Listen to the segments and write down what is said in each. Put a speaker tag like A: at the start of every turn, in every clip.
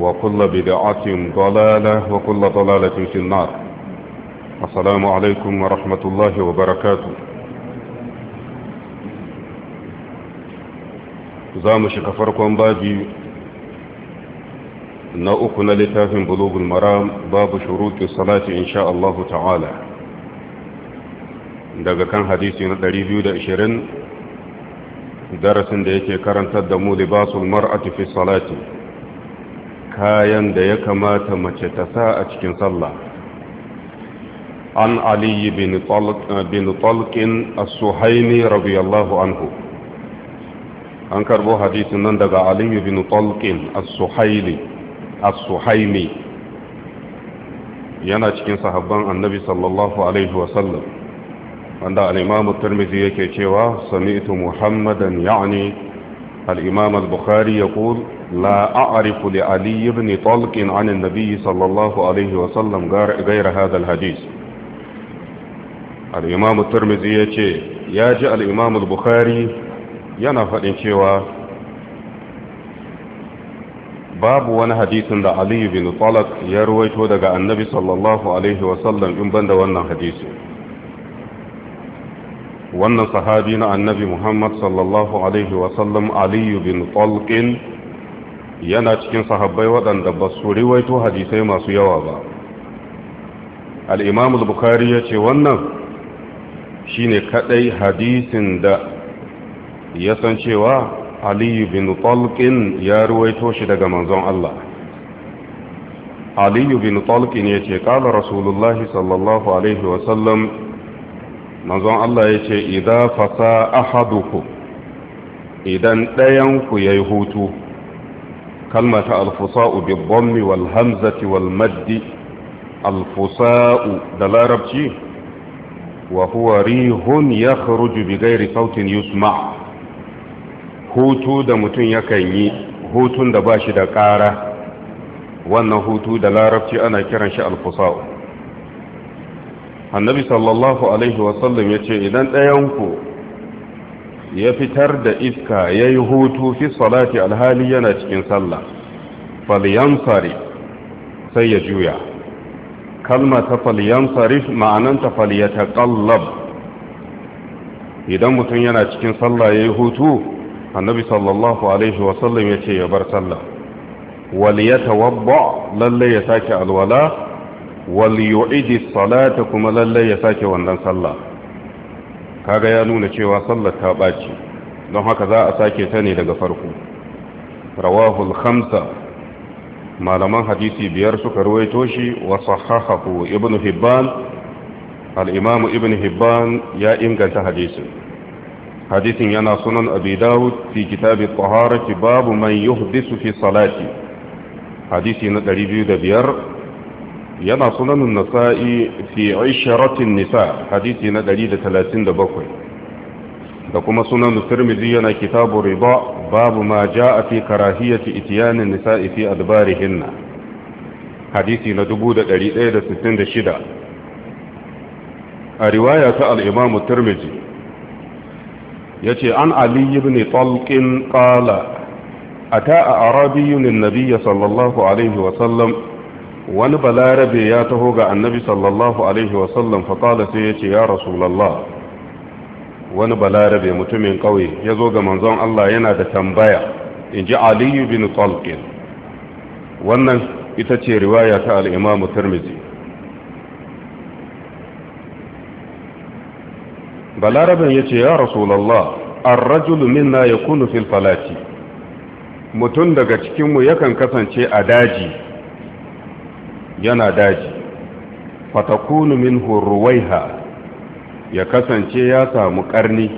A: وكل بدعة ضلالة وكل ضلالة في النار السلام عليكم ورحمة الله وبركاته زام شكفركم باجي نأكنا لتاف بلوغ المرام باب شروط الصلاة إن شاء الله تعالى daga kan hadisi na 220 darasin da yake karantar da mu libasul mar'ati fi salati kayan da ya kamata mace ta sa a cikin sallah an aliyu bin talqin as-suhaimi radiyallahu anhu an karbo hadisin nan daga aliyu bin talqin as suhaini yana cikin sahabban annabi sallallahu alaihi wasallam wanda al-imamu tirmidhi yake cewa ita muhammadan ya'ni al-imam al-bukhari yaqul لا أعرف لعلي بن طلق عن النبي صلى الله عليه وسلم غير هذا الحديث الإمام الترمذي يتي ياجي الإمام البخاري ينفع انتوا باب وانا حديث دا علي بن طلق يروي تودق النبي صلى الله عليه وسلم إن بند وانا حديث وانا صحابين النبي محمد صلى الله عليه وسلم علي بن طلق yana cikin sahabbai waɗanda ba su riwaito hadisai masu yawa ba al'imam al ya ce wannan shine kadai hadisin da ya san cewa aliyu bin talqin ya ruwaito shi daga manzon Allah aliyu bin talqin ya ce kala rasulullahi sallallahu alaihi wasallam manzon Allah ya ce idan fasa ku idan ɗayanku ya yi hutu kalma ta alfusa'u bi dhammi wal hamzati wal maddi alfusa'u da larabci wa huwa rihun yakhruju bi ghairi sautin yusma hutu da mutum yakan yi hutun da bashi da ƙara wannan hutu da larabci ana kiran shi alfusa'u annabi sallallahu alaihi wasallam ya ce idan ɗayanku ya fitar da iska ya yi hutu fi salati alhali yana cikin sallah falyansari sai ya juya kalmata ta falyansari ma'ananta falyataqallab idan mutum yana cikin sallah ya yi hutu annabi sallallahu alaihi wasallam ya ce ya bar sallah wal yatawabba lalle ya sake alwala wal salata kuma lalle ya sake wannan sallah kaga ya nuna cewa sallar ta ɓaci don haka za a sake ta ne daga farko rawahul khamsa malaman hadisi biyar suka ruwaito shi wa sahahahu ibn hibban al-imam ibn hibban ya inganta hadisin hadisin yana sunan abi dawud fi kitab at-taharati babu man yuhdisu fi salati hadisi na biyar. yana sunanin nasa'i fi isharatin nisa hadisi na 137 da kuma sunan tirmidhi yana kitabu riba babu ma ja'a fi karahiyati ityanin nisa'i fi adbarihinna hadisi na 1166 a riwaya ta al-imam tirmidhi yace an ali ibn talqin qala ata arabiyyun an-nabiy sallallahu alaihi wa sallam wani balarabe ya taho ga annabi sallallahu alaihi wasallam faƙala sai ya ce ya rasulallah wani balarabe mutumin ƙauye ya zo ga manzon Allah yana da tambaya in ji aliyu bin tolkien wannan ita ce riwaya ta al'imamu turmizi balaraben ya ce ya rasulallah an rajulu minna ya kunu fil falati mutum daga cikinmu yakan kasance a daji yana daji fatakunu min ya kasance ya samu karni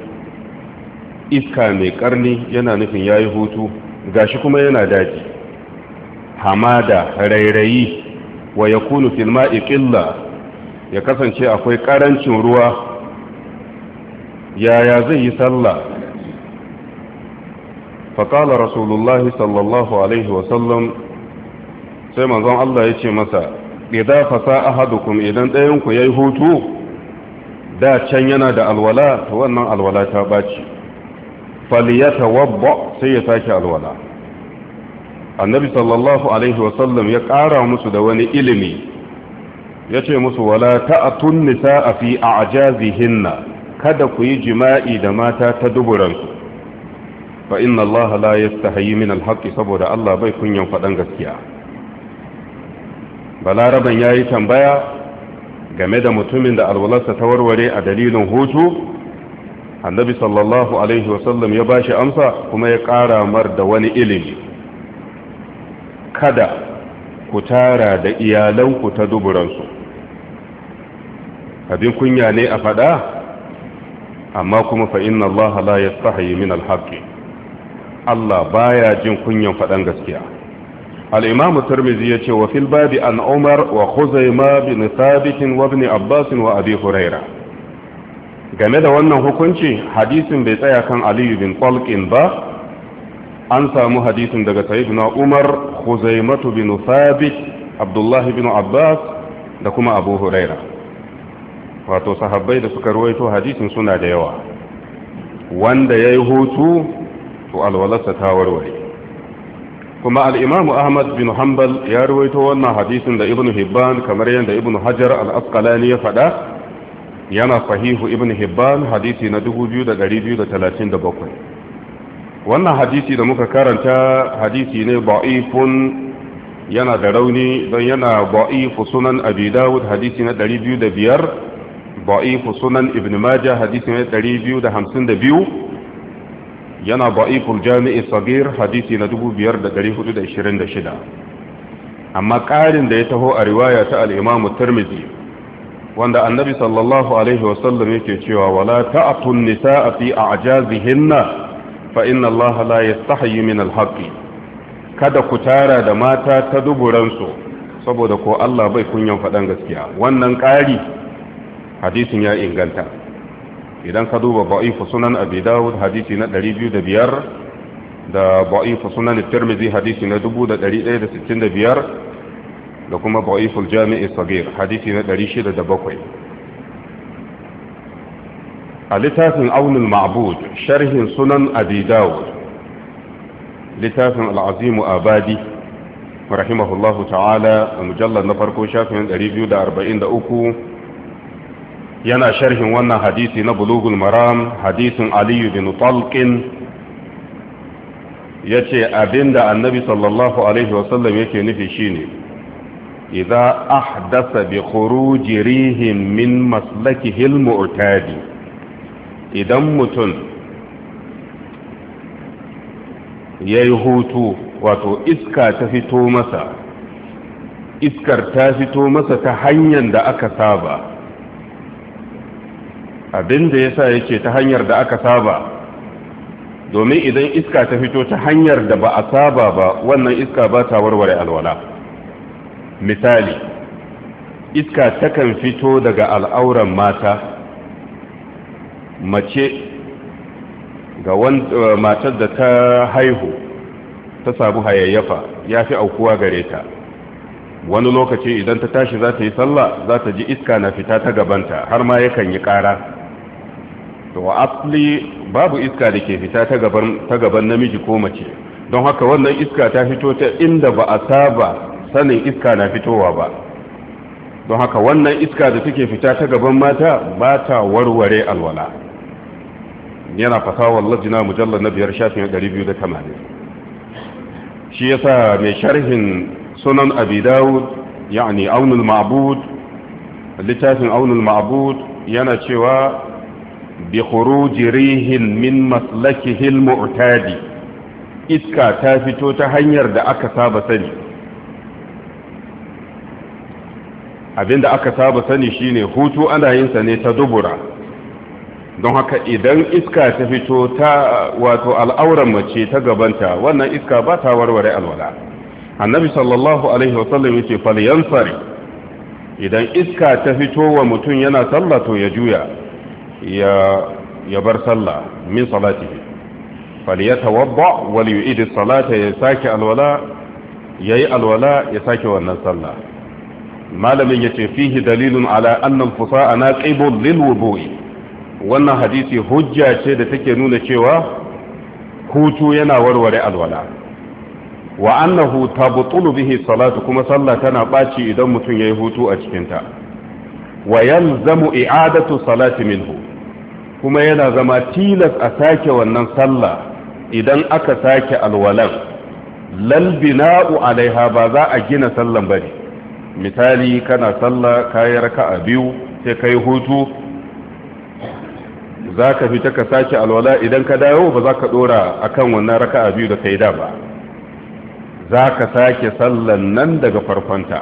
A: iska mai karni yana nufin yayi hutu gashi kuma yana daji hamada rairayi wa yakunu fil ma'i qilla ya kasance akwai karancin ruwa yaya zai yi sallah faqala rasulullahi sallallahu alaihi wa sallam sai manzon Allah ya ce masa idan fasa ahadukum idan ɗayan ku yayi hutu da can yana da alwala to wannan alwala ta baci falyatawabba sai ya sake alwala annabi sallallahu alaihi wasallam ya ƙara musu da wani ilimi ya ce musu wala ta'atun nisa'a fi a'jazihinna kada ku yi jima'i da mata ta duburanku.' fa inna allaha la yastahi min alhaqi saboda Allah bai kunyan faɗan gaskiya balaraban ya yi tambaya game da mutumin da alwalarsa ta warware a dalilin hutu annabi sallallahu alaihi wasallam ya bashi amsa kuma ya ƙara mar da wani ilimi kada ku tara da iyalanku ta duburansu abin kunya ne a faɗa amma kuma fa inna Allah la yastahi min alhaqi Allah baya jin kunyan faɗan gaskiya al-imam tirmidhi yace wa fil babi an umar wa khuzaima bin thabit abbas wa game da wannan hukunci hadisin bai tsaya kan Aliyu bin talqin ba an samu hadisin daga sayyidina umar khuzaimatu bin thabit Abdullahi bin abbas da kuma abu huraira wato sahabbai da suka ruwaito hadisin suna da yawa wanda ya yi hutu to alwalarsa ta warware kuma al'imamu ahmad bin hanbal ya ruwaito wannan hadisin da ibn hibban kamar yadda ibn hajar al'asqalani ya faɗa yana sahihu ibn hibban hadisi na 2237 wannan hadisi da muka karanta hadisi ne ba'ifun yana da rauni don yana ba'ifu sunan abi dawud hadisi na 205 ba'ifu sunan ibn majah hadisi na 252 yana ba'iful jami'i sagir hadisi na 5426 amma ƙarin da ya taho a riwaya ta al'imamu turmizi wanda annabi sallallahu alaihi wasallam yake cewa wala ta'atun nisa'a fi a'jazihinna fa inna Allah la yastahyi min al-haqqi kada ku tara da mata ta duburansu saboda ko Allah bai kunyan faɗan gaskiya wannan ƙari hadisin ya inganta idan ka duba ba'ifu sunan abi dawud hadisi na 205 da ba'ifu sunan tirmidhi hadisi na 1165 da kuma ba'ifu jami'i sagir hadisi na 607 a littafin aunul ma'bud sharhin sunan abi dawud littafin al'azimu abadi rahimahullahu ta'ala a mujallar na farko shafin 243 yana sharhin wannan hadisi na bulugul maram hadisin aliyu bin talqin ya ce abinda annabi sallallahu alaihi wasallam yake nufi shine idza ahdasa bi khuruji rihin min maslakihi al idan mutum yayi hutu wato iska ta fito masa iskar ta fito masa ta hanyar da aka saba abin da yasa yake ta hanyar da aka saba domin idan iska ta fito ta hanyar da ba a saba ba wannan iska ba ta warware alwala misali iska takan fito daga al'auran mata mace ga eh, matar da ta haihu ta samu hayayyafa ya fi aukuwa gare ta wani lokaci idan ta tashi za ta yi sallah za ta ji iska na fita ta gabanta har ma yakan yi ƙara to wa asli babu iska da ke fita ta gaban namiji ko mace don haka wannan iska ta fito ta inda ba a saba sanin iska na fitowa ba don haka wannan iska da take fita ta gaban mata ba ta warware alwala yana fasawar lajina mujallar na biyar shafin biyu da tamanin shi yasa mai sharhin sunan abi dawud yani aunul ma'bud littafin aunul ma'bud yana cewa بخروج ريح من مسلكه المعتاد اسكا iska ta fito ta hanyar da aka saba sani abinda aka saba sani shine hutu ana yin sa ne ta dubura don haka idan iska ta fito ta wato al'auran mace ta gabanta wannan iska ba ta warware alwala annabi sallallahu alaihi wasallam yace fal yansari idan iska ta fito wa mutum yana sallato ya juya ya bar sallah min salatihi falyatawadda wal yu'id salata ya sake alwala yayi alwala ya sake wannan sallah malamin yace fihi dalilun ala anna al-fusa'a naqibun lil wudu'i wannan hadisi hujja ce da take nuna cewa hutu yana warware alwala wa annahu tabtulu bihi salatu kuma sallah tana baci idan mutum yayi hutu a cikin ta wa yalzamu i'adatu salati minhu kuma yana zama tilas a sake wannan sallah idan aka sake alwalan lalbina'u alaiha ba za a gina sallan ba misali kana sallah kayi raka'a biyu sai yi hutu za ka fita ka sake alwala idan ka dawo ba za ka dora akan wannan raka'a biyu da yi da ba za ka sake sallan nan daga farkonta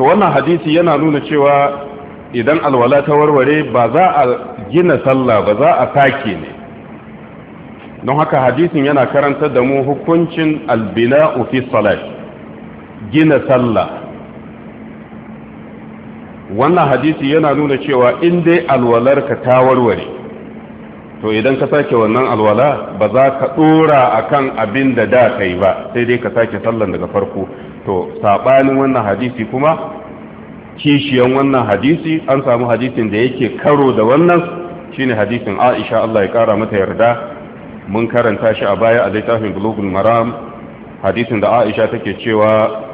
A: to wannan hadisi yana nuna cewa idan alwala ta warware ba za a gina sallah ba za a sake ne don haka hadisin yana karanta da mu hukuncin albina'u fi salat gina sallah wannan hadisi yana nuna cewa in dai alwalarka ta warware to idan ka sake wannan alwala ba za ka dora akan abin da da kai ba sai dai ka sake sallan daga farko to sabanin wannan hadisi kuma kishiyan wannan hadisi an samu hadisin da yake karo da wannan shine hadisin Aisha Allah ya kara mata yarda mun karanta shi a baya a littafin Bulughul Maram hadisin da Aisha take cewa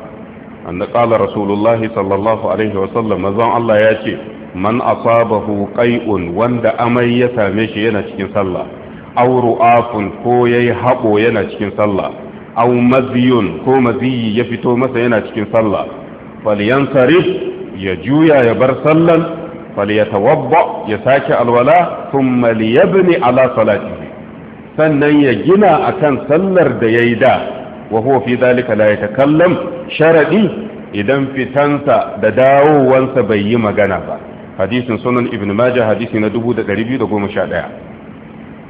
A: anna qala rasulullahi sallallahu alaihi wa sallam manzon Allah ya ce man asabahu qai'un wanda amai ya same shi yana cikin sallah aw ru'afun ko yayi habo yana cikin sallah aw maziyun ko maziyi ya fito masa yana cikin sallah yansarif ya juya ya bar sallan falyatawabba ya sake alwala thumma liyabni ala salatihi sannan ya gina akan sallar da yayi da wa huwa fi dhalika la yatakallam sharadi idan fitansa da dawowansa bai yi magana ba hadisin sunan ibn majah hadisi na 2211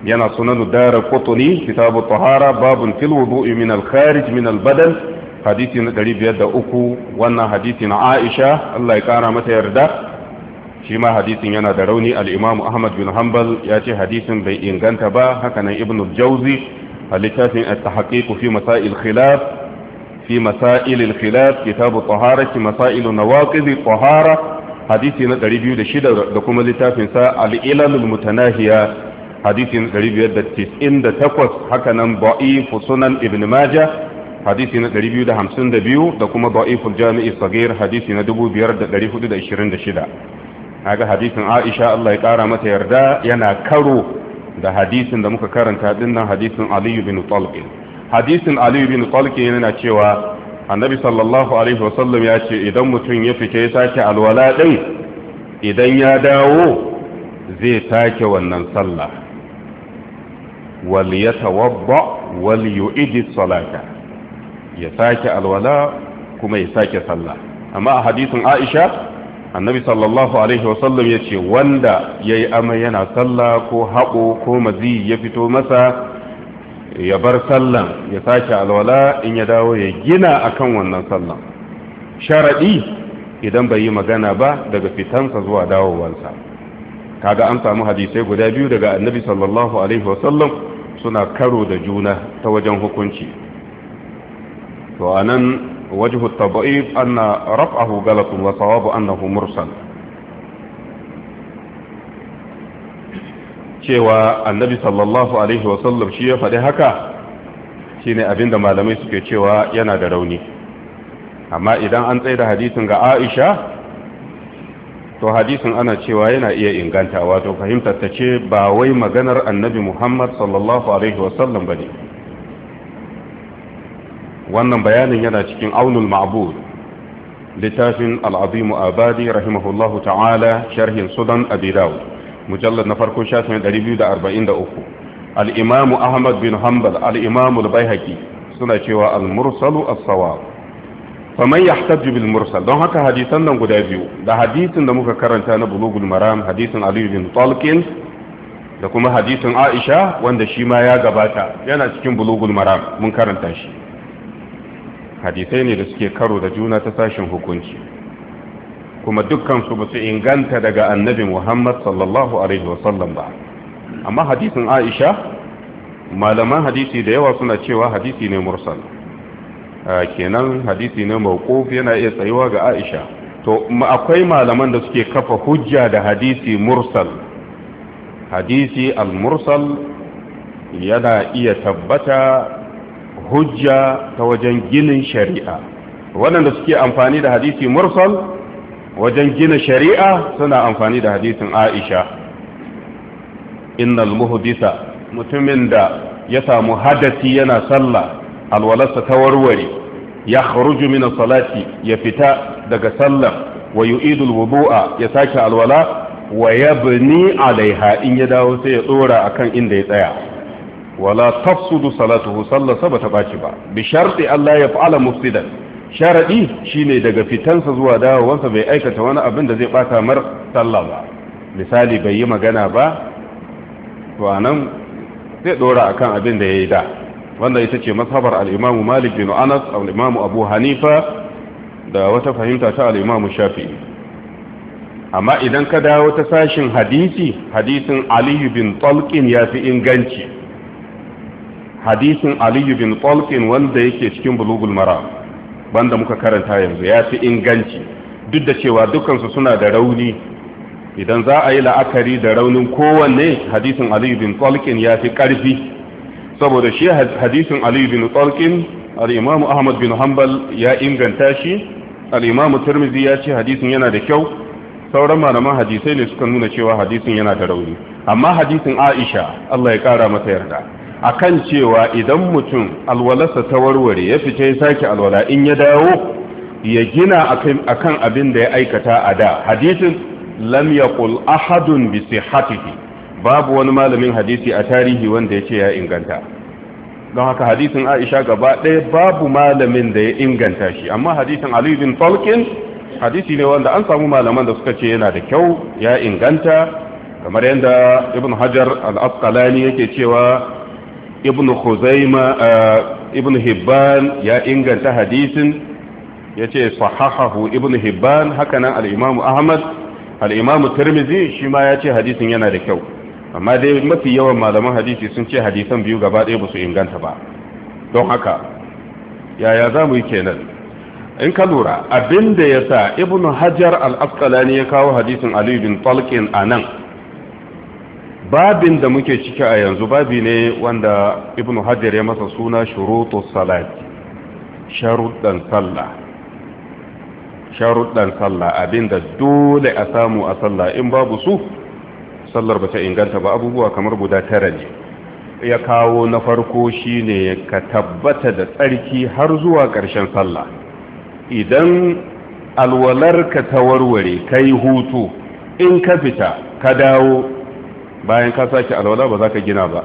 A: yana sunan darar kotuni kitabu tahara babun fil wudu'i min al-kharij min al-badal hadisi na ɗari biyar da uku wannan hadisi na aisha allah ya ƙara mata yarda shi ma hadisin yana da rauni al al'imamu ahmad bin hanbal ya ce hadisin bai inganta ba hakanan ibn jauzi a littafin at-tahqiq fi masail khilaf fi masail al-khilaf kitab at-tahara masail nawaqid at-tahara hadisi na 206 da kuma littafin sa al-ilal al-mutanahiya hadisi na 598 hakanan da'if sunan ibn majah hadisi na 252 da kuma da'iful jami'i sagir hadisi na 5426 kaga hadisin Aisha Allah ya kara mata yarda yana karo da hadisin da muka karanta dinnan hadisin Ali bin Talq hadisin Ali bin Talq yana cewa annabi sallallahu alaihi wasallam ya ce idan mutum ya fice ya sake alwala din idan ya dawo zai sake wannan sallah wal yatawadda wal yu'idi salata ya sake alwala kuma ya sake sallah amma a hadisin aisha annabi sallallahu alaihi wasallam ya ce wanda ya yi amai yana sallah ko haƙo ko mazi ya fito masa ya bar sallan ya sake alwala in ya dawo ya gina akan wannan sallan sharaɗi idan bai yi magana ba daga fitansa zuwa dawowansa kaga an samu hadisai guda biyu daga annabi sallallahu alaihi wasallam suna karo da juna ta wajen hukunci to anan wajhu at anna raf'ahu galatun wa sawabu annahu mursal cewa annabi sallallahu alaihi sallam shi ya faɗi haka shine abinda malamai suke cewa yana da rauni amma idan an tsaye da hadisin ga Aisha to hadisin ana cewa yana iya inganta wato fahimtar ta ce ba wai maganar annabi Muhammad sallallahu alaihi wasallam bane wannan bayanin yana cikin aunul ma'bud littafin al'azimu abadi rahimahullahu ta'ala sharhin sudan abi mujallar na farko shafin 243 al-imamu ahmad bin hanbal al-imamu suna cewa al-mursalu as-sawab faman yahtaju bil mursal don haka hadisan nan guda biyu da hadisin da muka karanta na bulugul maram hadisin ali bin talqin da kuma hadisin aisha wanda shi ma ya gabata yana cikin bulugul maram mun karanta shi hadisai ne da suke karo da juna ta sashen hukunci kuma dukkansu ba su inganta daga annabi muhammad sallallahu alaihi wasallam ba amma hadisin aisha malaman hadisi da yawa suna cewa hadisi ne mursal kenan hadisi ne mawquf yana iya tsayuwa ga aisha to akwai malaman da suke kafa hujja da hadisi mursal hadisi al-mursal yana iya tabbata hujja ta wajen ginin shari'a waɗanda suke amfani da hadisi mursal wajen gina shari'a suna amfani da hadisin aisha innal muhdisa mutumin da ya samu hadasi yana sallah alwalarsa ta warware ya kharuju min salati ya fita daga sallar wa yu'idu alwudu'a ya sake alwala wa yabni alaiha in ya dawo sai ya tsora akan inda ya tsaya wala tafsudu salatuhu sallarsa bata baci ba bi sharti Allah ya fa'ala mufsidan sharadi shine daga fitansa zuwa dawowansa bai aikata wani abin da zai bata mar sallah ba misali bai yi magana ba to anan zai dora akan abin da yayi da wanda ita ce mazhabar al-Imam Malik bin Anas aw al-Imam Abu Hanifa da wata fahimta ta al-Imam Shafi'i amma idan ka dawo ta sashin hadisi hadisin Ali bin Talqin yafi inganci hadisin aliyu bin tolkien wanda yake cikin bulugul mara banda muka karanta yanzu ya fi inganci duk da cewa dukansu suna da rauni idan za a yi la'akari da raunin kowanne hadisin aliyu bin tolkien ya fi ƙarfi saboda shi hadisin aliyu bin tolkien al'imamu ahmad bin hanbal ya inganta shi al'imamu turmizi ya ce hadisin yana da kyau sauran malaman hadisai ne suka nuna cewa hadisin yana da rauni amma hadisin aisha allah ya kara mata yarda akan cewa idan mutum alwalarsa ta warware ya fita ya sake alwala in ya dawo ya gina akan abin da ya aikata a da hadisin lam yaqul ahadun bi sihhatihi babu wani malamin hadisi a tarihi wanda ya ce ya inganta don haka hadisin Aisha gaba ɗaya babu malamin da ya inganta shi amma hadisin Ali bin Falkin hadisi ne wanda an samu malaman da suka ce yana da kyau ya inganta kamar yadda Ibn Hajar al-Asqalani yake cewa ibn khuzaima uh, ibn hibban ya inganta hadisin yace sahahahu ibn hibban hakanan al ahmad Al'imamu Tirmizi shi ma yace hadisin yana da kyau amma dai mafi yawan malaman hadisi sun ce hadisan biyu gaba ɗaya ba su inganta ba don haka yaya za mu yi kenan in ka lura abinda ya sa ibn hajar al-asqalani ya kawo hadisin ali bin a nan. babin da muke ciki a yanzu babi ne wanda ibn hajjar ya masa suna shurutus salat sharuddan sallah sharuddan sallah abinda dole a samu a sallah in babu su sallar ba ta inganta ba abubuwa kamar guda tara ne ya kawo na farko shine ka tabbata da tsarki har zuwa ƙarshen sallah idan alwalarka ta warware kai hutu in ka fita ka dawo bayan ka sake alwala ba za ka gina ba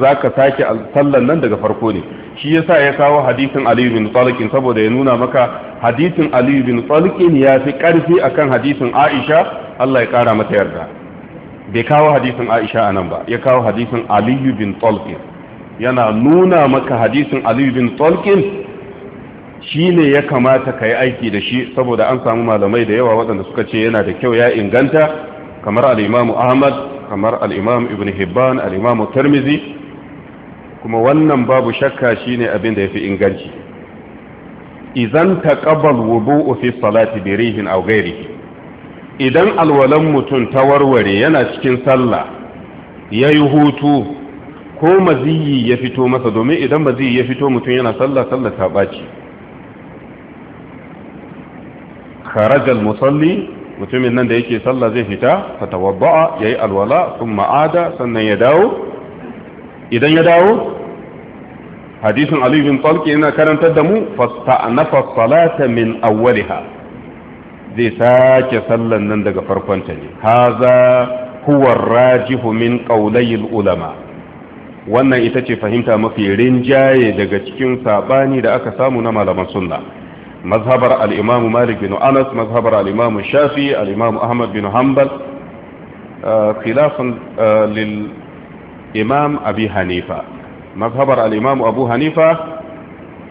A: za ka sake sallan nan daga farko ne shi yasa ya kawo hadisin aliyu bin tsalikin saboda ya nuna maka hadisin aliyu bin tsalikin ya fi karfi akan hadisin aisha allah ya kara mata yarda bai kawo hadisin aisha a nan ba ya kawo hadisin aliyu bin tsalikin yana nuna maka hadisin aliyu bin tsalikin shi ne ya kamata ka yi aiki da shi saboda an samu malamai da yawa waɗanda suka ce yana da kyau ya inganta kamar al'imamu ahmad kamar al'imam ibn hibban al'imamu tarmizi kuma wannan babu shakka shine abin da ya fi inganci idan ta ƙabal wubu fi salati bi rihin aw idan alwalan mutum ta warware yana cikin sallah ya yi hutu ko maziyi ya fito masa domin idan maziyi ya fito mutum yana sallah sallah ta ɓaci kharajal musalli mutumin nan da yake sallah zai fita fatawabba'a yayi alwala thumma ada sannan ya dawo idan ya dawo hadisin Ali bin Talqi yana karantar da mu fasta'nafa salata min awwaliha zai sake sallan nan daga farkon ta ne haza huwa rajihu min qawlayil ulama wannan ita ce fahimta mafi rinjaye daga cikin sabani da aka samu na malaman sunna mazhabar al-imam malik bin anas mazhabar al shafi al ahmad bin hanbal mazhabar al abu hanifa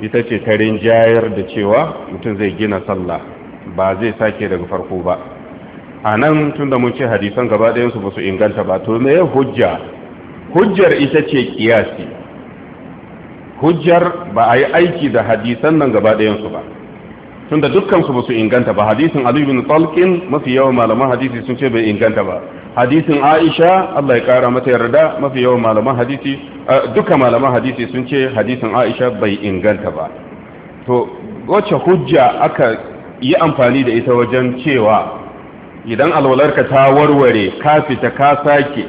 A: ita ce ta rinjayar da cewa mutum zai gina sallah ba zai sake daga farko ba a nan tun da mun ce hadisan gaba ɗayansu ba su inganta ba to me hujja hujjar ita ce kiyasi hujjar ba a yi aiki da hadisan nan gabaɗayansu ba tunda dukkan su basu inganta ba hadisin Ali bin Talqin mafi yawan malaman hadisi sun ce bai inganta ba hadisin Aisha Allah ya kara mata yarda mafi yawan malaman hadisi duka malaman hadisi sun ce hadisin Aisha bai inganta ba to wacce hujja aka yi amfani da ita wajen cewa idan alwalarka ta warware ka fita ka sake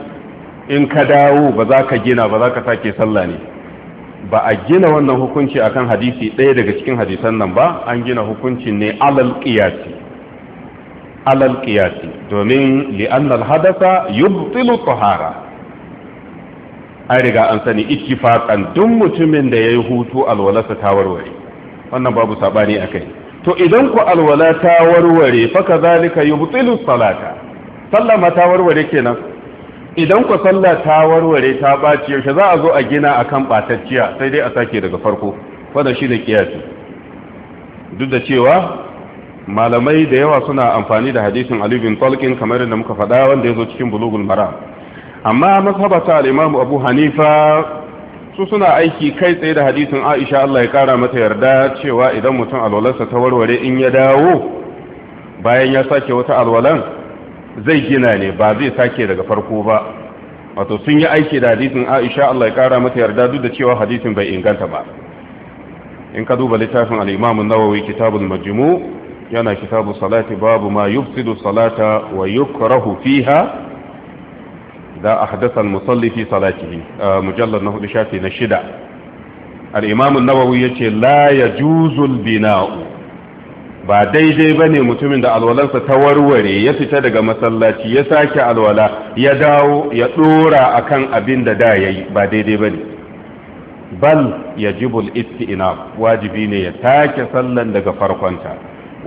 A: in ka dawo ba za ka gina ba za ka sake sallah ne ba a gina wannan hukunci akan hadisi ɗaya daga cikin hadisan nan ba an gina hukuncin ne alal qiyasi alal qiyasi domin li'anna al hadatha yubtilu tahara an riga an sani ittifaqan duk mutumin da yayi hutu alwalasa ta warware wannan babu sabani akai to idan ku alwala ta warware fa kazalika yubtilu salata sallama ta warware kenan idan ku sallah ta warware ta baci yaushe za a zo a gina akan batacciya sai dai a sake daga farko wannan shi da kiyasi duk da cewa malamai da yawa suna amfani da hadisin Ali bin Talqin kamar da muka faɗa wanda ya zo cikin bulugul maram amma mazhabata al-Imam Abu Hanifa su suna aiki kai tsaye da hadisin Aisha Allah ya kara mata yarda cewa idan mutum alwalarsa ta warware in ya dawo bayan ya sake wata alwalan zai gina ne ba zai sake daga farko ba wato sun yi aiki da hadisin Aisha Allah ya kara mata yarda duk da cewa hadisin bai inganta ba in ka duba littafin al-Imam an-Nawawi kitabul majmu yana kitabu salati babu ma yufsidu salata wa yukrahu fiha da ahdatha al-musalli fi salatihi uh, mujallad na hudu shafi na shida al-Imam an-Nawawi yace la yajuzu al-bina'u ba daidai ba ne mutumin da alwalarsa ta warware ya fita daga masallaci ya sake alwala ya dawo ya ɗora a kan abin da da ya yi ba daidai ba ne bal ya jibul ina wajibi ne ya take sallan daga farkonta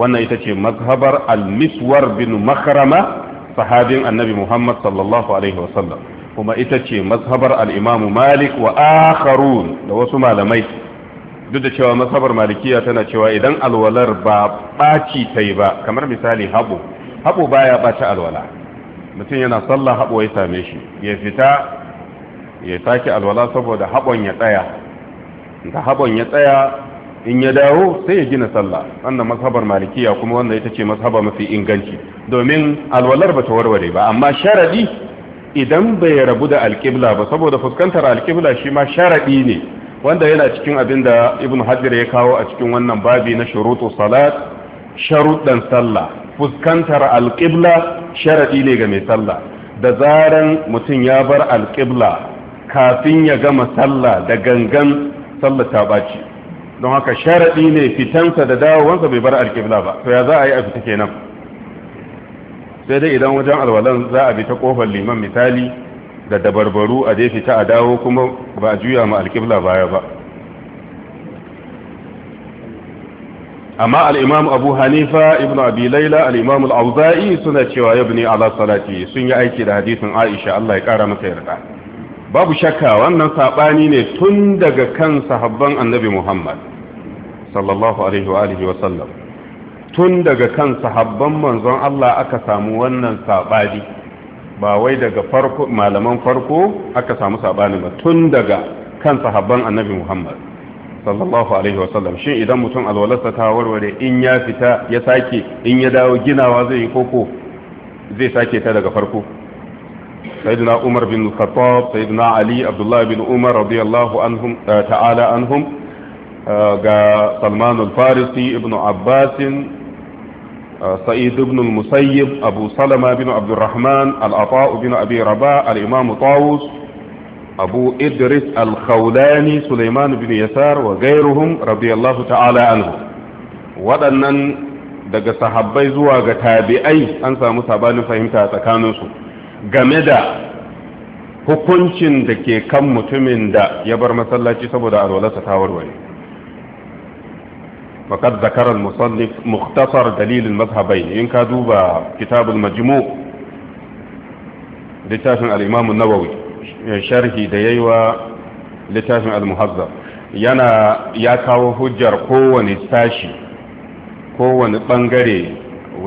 A: wannan ita ce mazhabar almiswar bin makarama sahabin annabi muhammad sallallahu alaihi wasallam kuma ita ce mazhabar al'imamu malik wa akharun da wasu malamai duk da cewa masabar malikiya tana cewa idan alwalar ba ɓaci ta yi ba kamar misali haɓo haɓo baya ɓaci alwala mutum yana sallah haɓo ya same shi ya fita ya sake alwala saboda haɓon ya tsaya da haɓon ya tsaya in ya dawo sai ya gina sallah wannan masabar malikiya kuma wanda ita ce masaba mafi inganci domin alwalar ba ta warware ba amma sharadi idan bai rabu da alƙibla ba saboda fuskantar alƙibla shi ma sharadi ne wanda yana cikin abin da ibn hajjar ya kawo a cikin wannan babi na shurutu salat sharuɗan sallah fuskantar alƙibla sharaɗi ne ga mai sallah da zaran mutum ya bar alƙibla kafin ya gama sallah da gangan sallah ta ɓaci don haka sharaɗi ne fitansa da dawowansa bai bar alƙibla ba to ya za a yi a fita kenan sai dai idan wajen alwalan za a bi ta ƙofar liman misali da dabarbaru a dai fita a dawo kuma ba a juya ma alƙibla baya ba amma al'imam abu hanifa ibn abi laila al'imam al'auza'i suna cewa ya bini ala salati sun yi aiki da hadisin aisha Allah ya ƙara masa yarda babu shakka wannan saɓani ne tun daga kan sahabban annabi muhammad sallallahu alaihi wa sallam tun daga kan sahabban manzon Allah aka samu wannan saɓani ba wai daga farko malaman farko aka samu sabani ba tun daga kan sahabban annabi Muhammad sallallahu alaihi wasallam shin idan mutum alwalarsa ta warware in ya fita ya sake in ya dawo ginawa zai yi koko zai sake ta daga farko sayyidina Umar bin Khattab sayyidina Ali Abdullah bin Umar radiyallahu anhum eh, ta'ala anhum eh, ga Salman al-Farisi ibn Abbasin سعيد بن المسيب أبو سلمة بن عبد الرحمن العطاء بن أبي رباء الإمام طاوس أبو إدرس الخولاني سليمان بن يسار وغيرهم رضي الله تعالى عنه waɗannan daga sahabbai zuwa ga tabi'ai an samu sabanin fahimta tsakaninsu game da hukuncin da ke kan mutumin da ya bar masallaci saboda alwalarsa ta warware فقد ذكر المصنف مختصر دليل المذهبين إن كذوب كتاب المجموع لتافن الإمام النووي شرحي ديوى لتافن المهذب yana ya kawo hujjar kowane sashi kowane bangare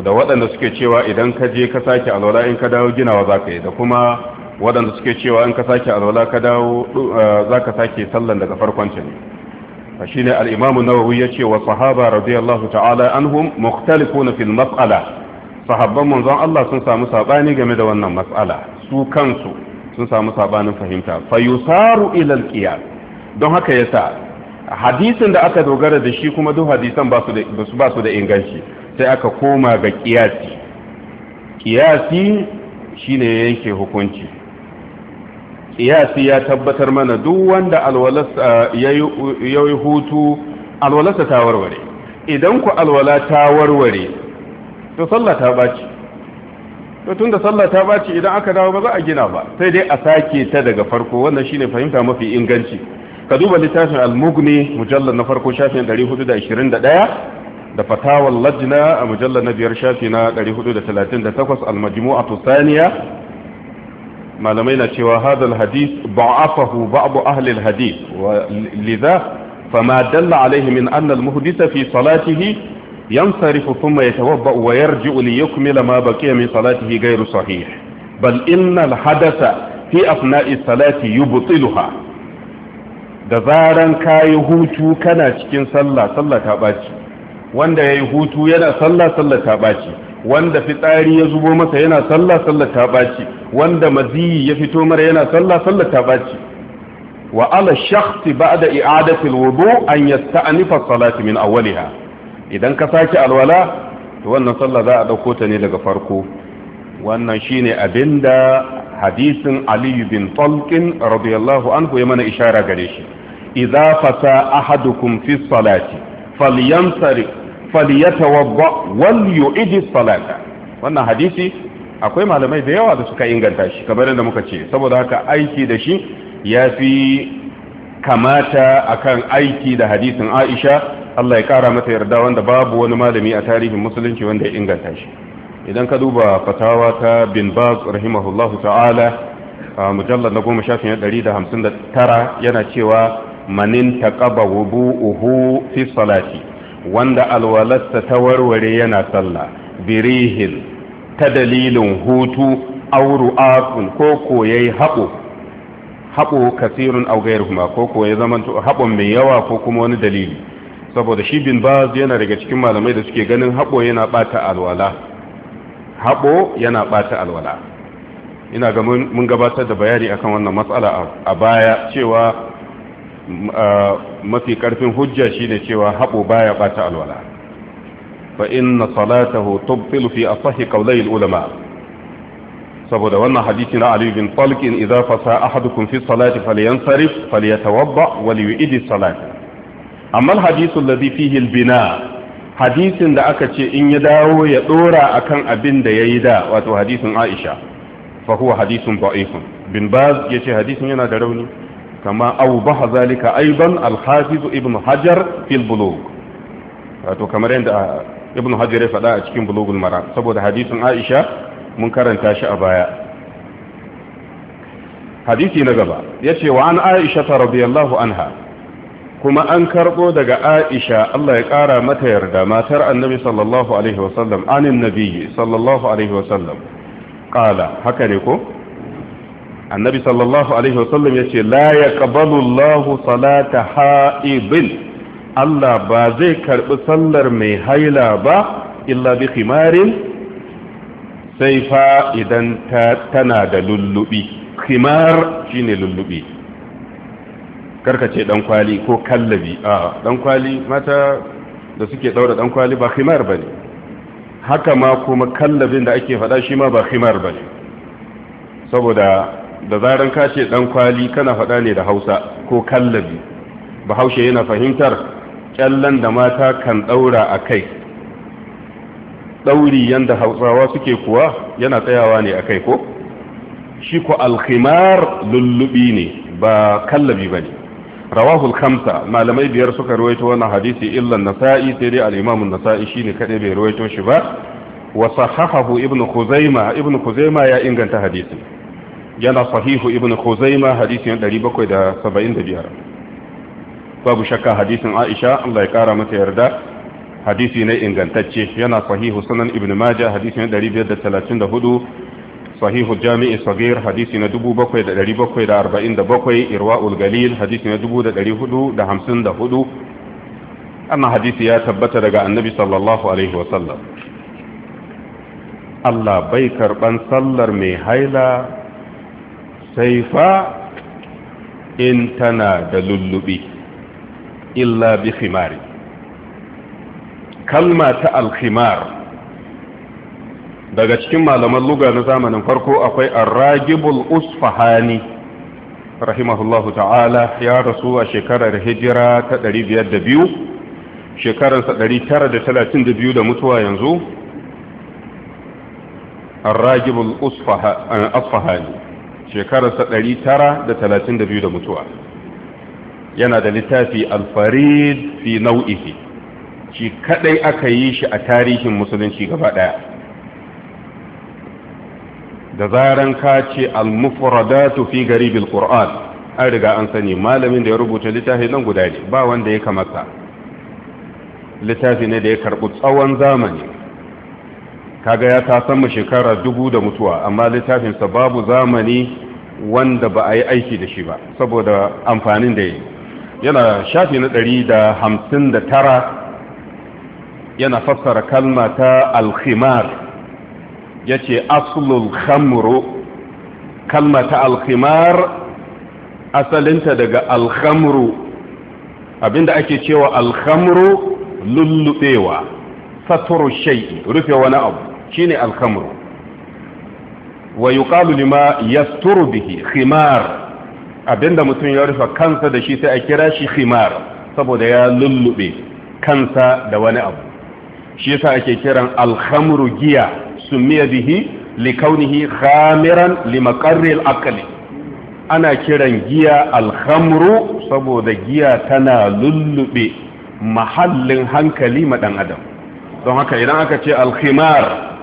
A: da waɗanda suke cewa idan ka je ka sake alwala in ka dawo ginawa za ka yi da kuma waɗanda suke cewa in ka sake alwala ka dawo za ka sake sallan daga farkon ne shine al'imamin imam an-Nawawi yace wa sahaba radiyallahu ta'ala anhum mukhtalifuna fil mas'ala sahabban manzon Allah sun samu sabani game da wannan mas'ala su kansu sun samu sabanin fahimta fayusaru ila al-qiyas don haka yasa hadisin da aka dogara da shi kuma duk hadisan ba su da inganci sai aka koma ga kiyasi kiyasi shine yanke hukunci yasi ya tabbatar mana duk wanda alwalarsa uh, ya yi hutu alwalarsa ta warware idan ku alwala ta warware to sallah ta baci to tun da sallah ta baci idan aka dawo ba za a gina ba sai dai a sake ta daga farko wannan shine fahimta mafi inganci ka duba littafin al-mughni mujallal na farko shafin 421 da fatawar lajna a mujallar na biyar shafi na 438 al-majmu'atu thaniya malamai na cewa hadal hadis ba'afahu ba'd ahli al hadis wa lidha fama dalla alayhi min anna al fi salatihi yansarifu thumma yatawadda wa yarji'u li yukmila ma baqiya min salatihi ghayru sahih bal inna hadasa fi afna'i salati yubtiluha da zaran kayi hutu kana cikin sallah sallah ta baci wanda yayi hutu yana sallah sallah ta baci wanda fitsari ya zubo masa yana sallah sallah ta baci wanda maziyi ya fito mara yana sallah sallah ta baci wa ala shakhsi ba'da i'adati alwudu an yasta'nifa salati min awwaliha idan ka saki alwala to wannan sallah za a dauko ta ne daga farko wannan shine abinda hadisin Ali bin Talqin radiyallahu anhu ya mana ishara gare shi idza fata ahadukum fi salati falyamsari falyatawadda wal wannan hadisi akwai malamai da yawa da suka inganta shi kamar yadda muka ce saboda haka aiki da shi ya fi kamata akan aiki da hadisin Aisha Allah ya kara mata yarda wanda babu wani malami a tarihin musulunci wanda ya inganta shi idan ka duba fatawa ta bin baz rahimahullahu ta'ala mujallar na goma shafin ɗari da hamsin da tara yana cewa manin taƙaba wubu'uhu fi salati wanda alwalarsa ta warware yana sallah birihil ta dalilin hutu auru afin ko koyayi haɓo haɓo kasirun augayar kuma ko koyayi zaman haɓon mai yawa ko kuma wani dalili saboda shi bin baz yana daga cikin malamai da suke ganin haɓo yana ɓata alwala haɓo yana ɓata alwala ina ga mun gabatar da bayani akan wannan matsala a baya cewa mafi karfin hujja shine cewa haɓo baya bata alwala fa inna salatahu tubtilu fi asahi qawlayil ulama saboda wannan hadisi na Ali bin Talq in idza fasa ahadukum fi salati falyansarif falyatawadda wa liyu'idi salata amma alhadithu alladhi fihi hadisin da aka ce in ya dawo ya dora akan abin da yayi da wato hadisin Aisha fa huwa hadithun da'ifun bin Baz yace hadisin yana da rauni kama awbaha zalika aidan al-hafiz ibn hajar fil bulugh wato kamar yadda ibn hajar ya faɗa a cikin bulughul mara saboda hadisin aisha mun karanta shi a baya hadisi na gaba ya ce wa an aisha ta radiyallahu anha kuma an karbo daga aisha Allah ya kara mata yarda matar annabi sallallahu alaihi wasallam anin nabi sallallahu alaihi wasallam qala haka ne ko annabi sallallahu alaihi wasallam yace la yaqbalu Allahu salata haibin Allah ba zai karɓi sallar mai haila ba illa bi khimarin sai fa tana da lullubi khimar shine lullubi karka ce dan ko kallabi a dan mata da suke ba haka ma kuma kallabin da ake faɗa shi ma ba khimar bane saboda da zaran ka ce dan kwali kana faɗa ne da hausa ko kallabi bahaushe yana fahimtar kyallan da mata kan ɗaura a kai ɗauri yadda hausawa suke kuwa yana tsayawa ne a kai ko shi ko alkhimar lullubi ne ba kallabi ba ne rawahul kamsa malamai biyar suka ruwaito wannan hadisi illan nasa'i sai dai al'imamun nasa'i shine kadai bai ruwaito shi ba wa sahahahu ibnu kuzaima ibnu ya inganta hadisi. yana sahihu ibn khuzaima hadisi 775 babu shakka hadisin aisha Allah ya kara mata yarda hadisi ne ingantacce yana sahihu sunan ibn majah hadisi 534 sahihu jami'i sagir hadisi na 7747 irwa'ul galil hadisi na 4454 amma hadisi ya tabbata daga annabi sallallahu alaihi wasallam Allah bai karban sallar mai haila sai fa in tana da lullubi illa bi khimari kalma ta alkhimar daga cikin malaman luga na zamanin farko akwai arragibul usfahani rahimahullahu ta'ala ya rasu a shekarar hijira ta 502 shekararsa 932 da mutuwa yanzu arragibul usfahani shekararsa 932 da mutuwa yana da littafi alfarid fi nau'ihi shi kadai aka yi shi a tarihin musulunci gaba daya da zaran ka ce almufuradatu fi garibil qur'an an riga an sani malamin da ya rubuta littafi nan guda ne ba wanda ya kamata littafi ne da ya karbu tsawon zamani kaga ya ta sama shekara dubu da mutuwa amma littafinsa babu zamani wanda ba a yi aiki da shi ba saboda amfanin da yi yana shafi na ɗari da hamsin da tara yana fassara kalma ta alkhimar ya ce asulul khamru kalma ta alkhimar asalinta daga alkhamru abinda ake cewa alkhamru lullubewa saturu shai rufe wani abu shine alkamru wa yuqalu lima yasturu bihi khimar abinda mutum ya rufe kansa da shi sai a kira shi khimar saboda ya lullube kansa da wani abu shi yasa ake kiran alhamru giya sumiya bihi likaunihi khamiran limaqarri al ana kiran giya alhamru saboda giya tana lullube mahallin hankali ma dan adam don haka idan aka ce alkhimar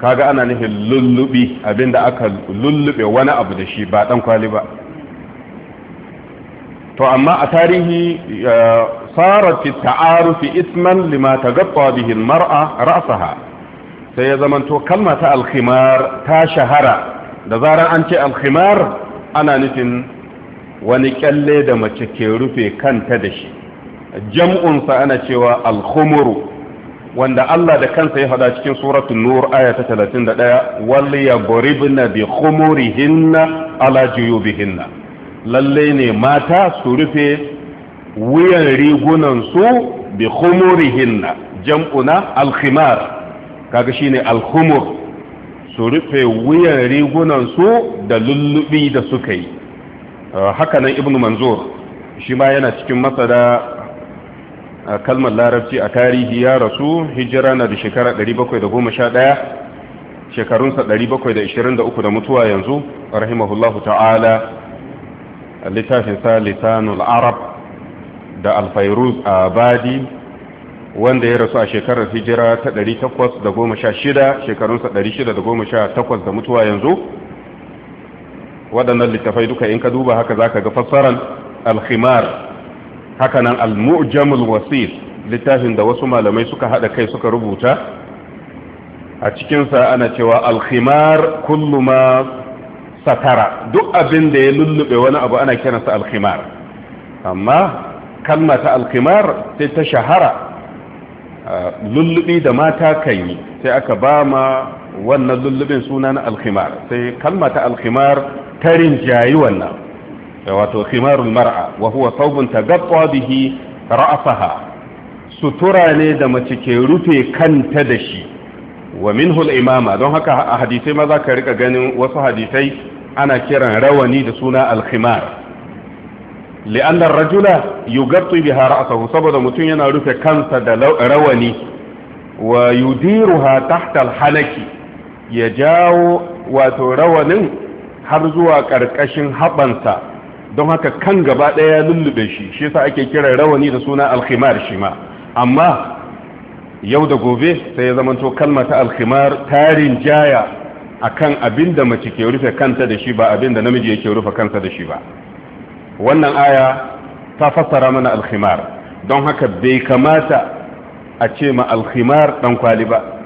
A: kaga ana nufin lullubi abinda aka lullube wani abu da shi ba dan kwali ba to amma a tarihi sarat fi ta'arufi isman lima tagatta bihi almar'a ra'saha sai ya zamanto kalma ta alkhimar ta shahara da zarar an ce alkhimar ana nufin wani kyalle da mace ke rufe kanta da shi jam'unsa ana cewa alkhumuru wanda Allah da kansa ya faɗa cikin suratul nur aya ta 31 wal yabribna bi khumurihinna ala juyubihinna lalle ne mata su rufe wuyan rigunansu su bi khumurihinna jam'una al khimar kaga shine al khumur su rufe wuyan rigunan su da lullubi da suka yi haka nan ibnu manzur shi ma yana cikin masada a kalmar larabci a tarihi ya rasu hijira na da shekara 711 shekarunsa 723 da mutuwa yanzu rahimahullahu ta'ala littafinsa lisanul arab da alfairuz a badi wanda ya rasu a shekarar hijira ta 816 shekarunsa 618 da mutuwa yanzu waɗannan littafai duka in ka duba haka za ka ga fassarar alkhimar hakanan al-mu'jamul wasit littafin da wasu malamai suka hada kai suka rubuta a cikinsa ana cewa al-khimar kullu ma satara duk abin da ya lullube wani abu ana kiransa al-khimar amma kalma ta al-khimar sai ta shahara lullubi da mata kan yi sai aka ba ma wannan lullubin suna na sai kalma ta alkhimar ta rinjayi wannan wato khimarul mar'a wa huwa thawbun tagatta bihi ra'saha sutura ne da mace ke rufe kanta da shi wa minhu al-imama don haka a hadisai maza ka rika ganin wasu hadisai ana kiran rawani da suna al-khimar li'anna ar-rajula yughatti biha ra'sahu saboda mutum yana rufe kansa da rawani wa yudiruha tahta al-halaki ya jawo wato rawanin har zuwa ƙarƙashin haɓansa don haka kan gaba ɗaya ya lullube shi shi yasa ake kira rawani da suna alkhimar shi ma amma yau da gobe sai ya zamanto kalma ta alkhimar tarin jaya akan abin da mace ke rufe kanta da shi ba abin da namiji yake rufe kansa da shi ba wannan aya ta fassara mana alkhimar don haka bai kamata a ce ma alkhimar dan kwali ba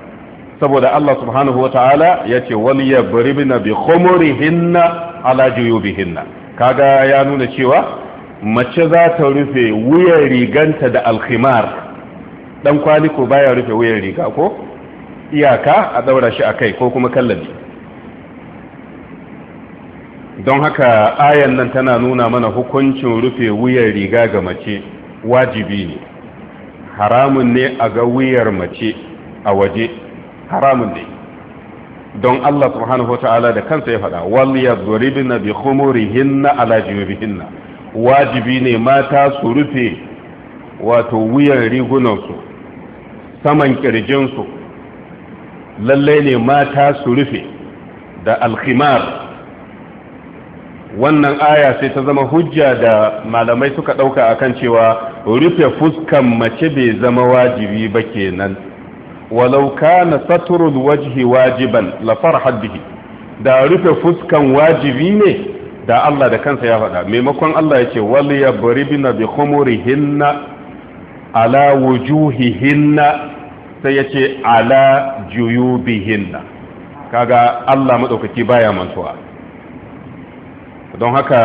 A: saboda Allah subhanahu wa ta'ala ya ce wal yabribna bi khumurihinna ala hinna. kaga ya nuna cewa mace za ta rufe wuyan riganta da alkhimar dan kwali ko baya rufe wuyan riga ko iyaka a daura shi akai ko kuma kallabi don haka ayan nan tana nuna mana hukuncin rufe wuyan riga ga mace wajibi ne haramun ne a ga wuyar mace a waje haramun ne don Allah subhanahu Ta'ala da kansa ya faɗa wal yadribna bi khumurihinna ala jubihinna wajibi ne mata su rufe wato wuyan rigunansu saman ƙirjinsu, lallai ne mata su rufe da alkhimar wannan aya sai ta zama hujja da malamai suka ɗauka akan cewa rufe fuskan mace bai zama wajibi ba kenan walau kana saturul wajhi wajiban la farhat da rufe fuskan wajibi ne da Allah da kansa ya faɗa maimakon Allah ya ce wal yabribna bi khumurihinna ala wujuhihinna sai ya ce ala juyubihinna kaga Allah maɗaukaki baya mantuwa don haka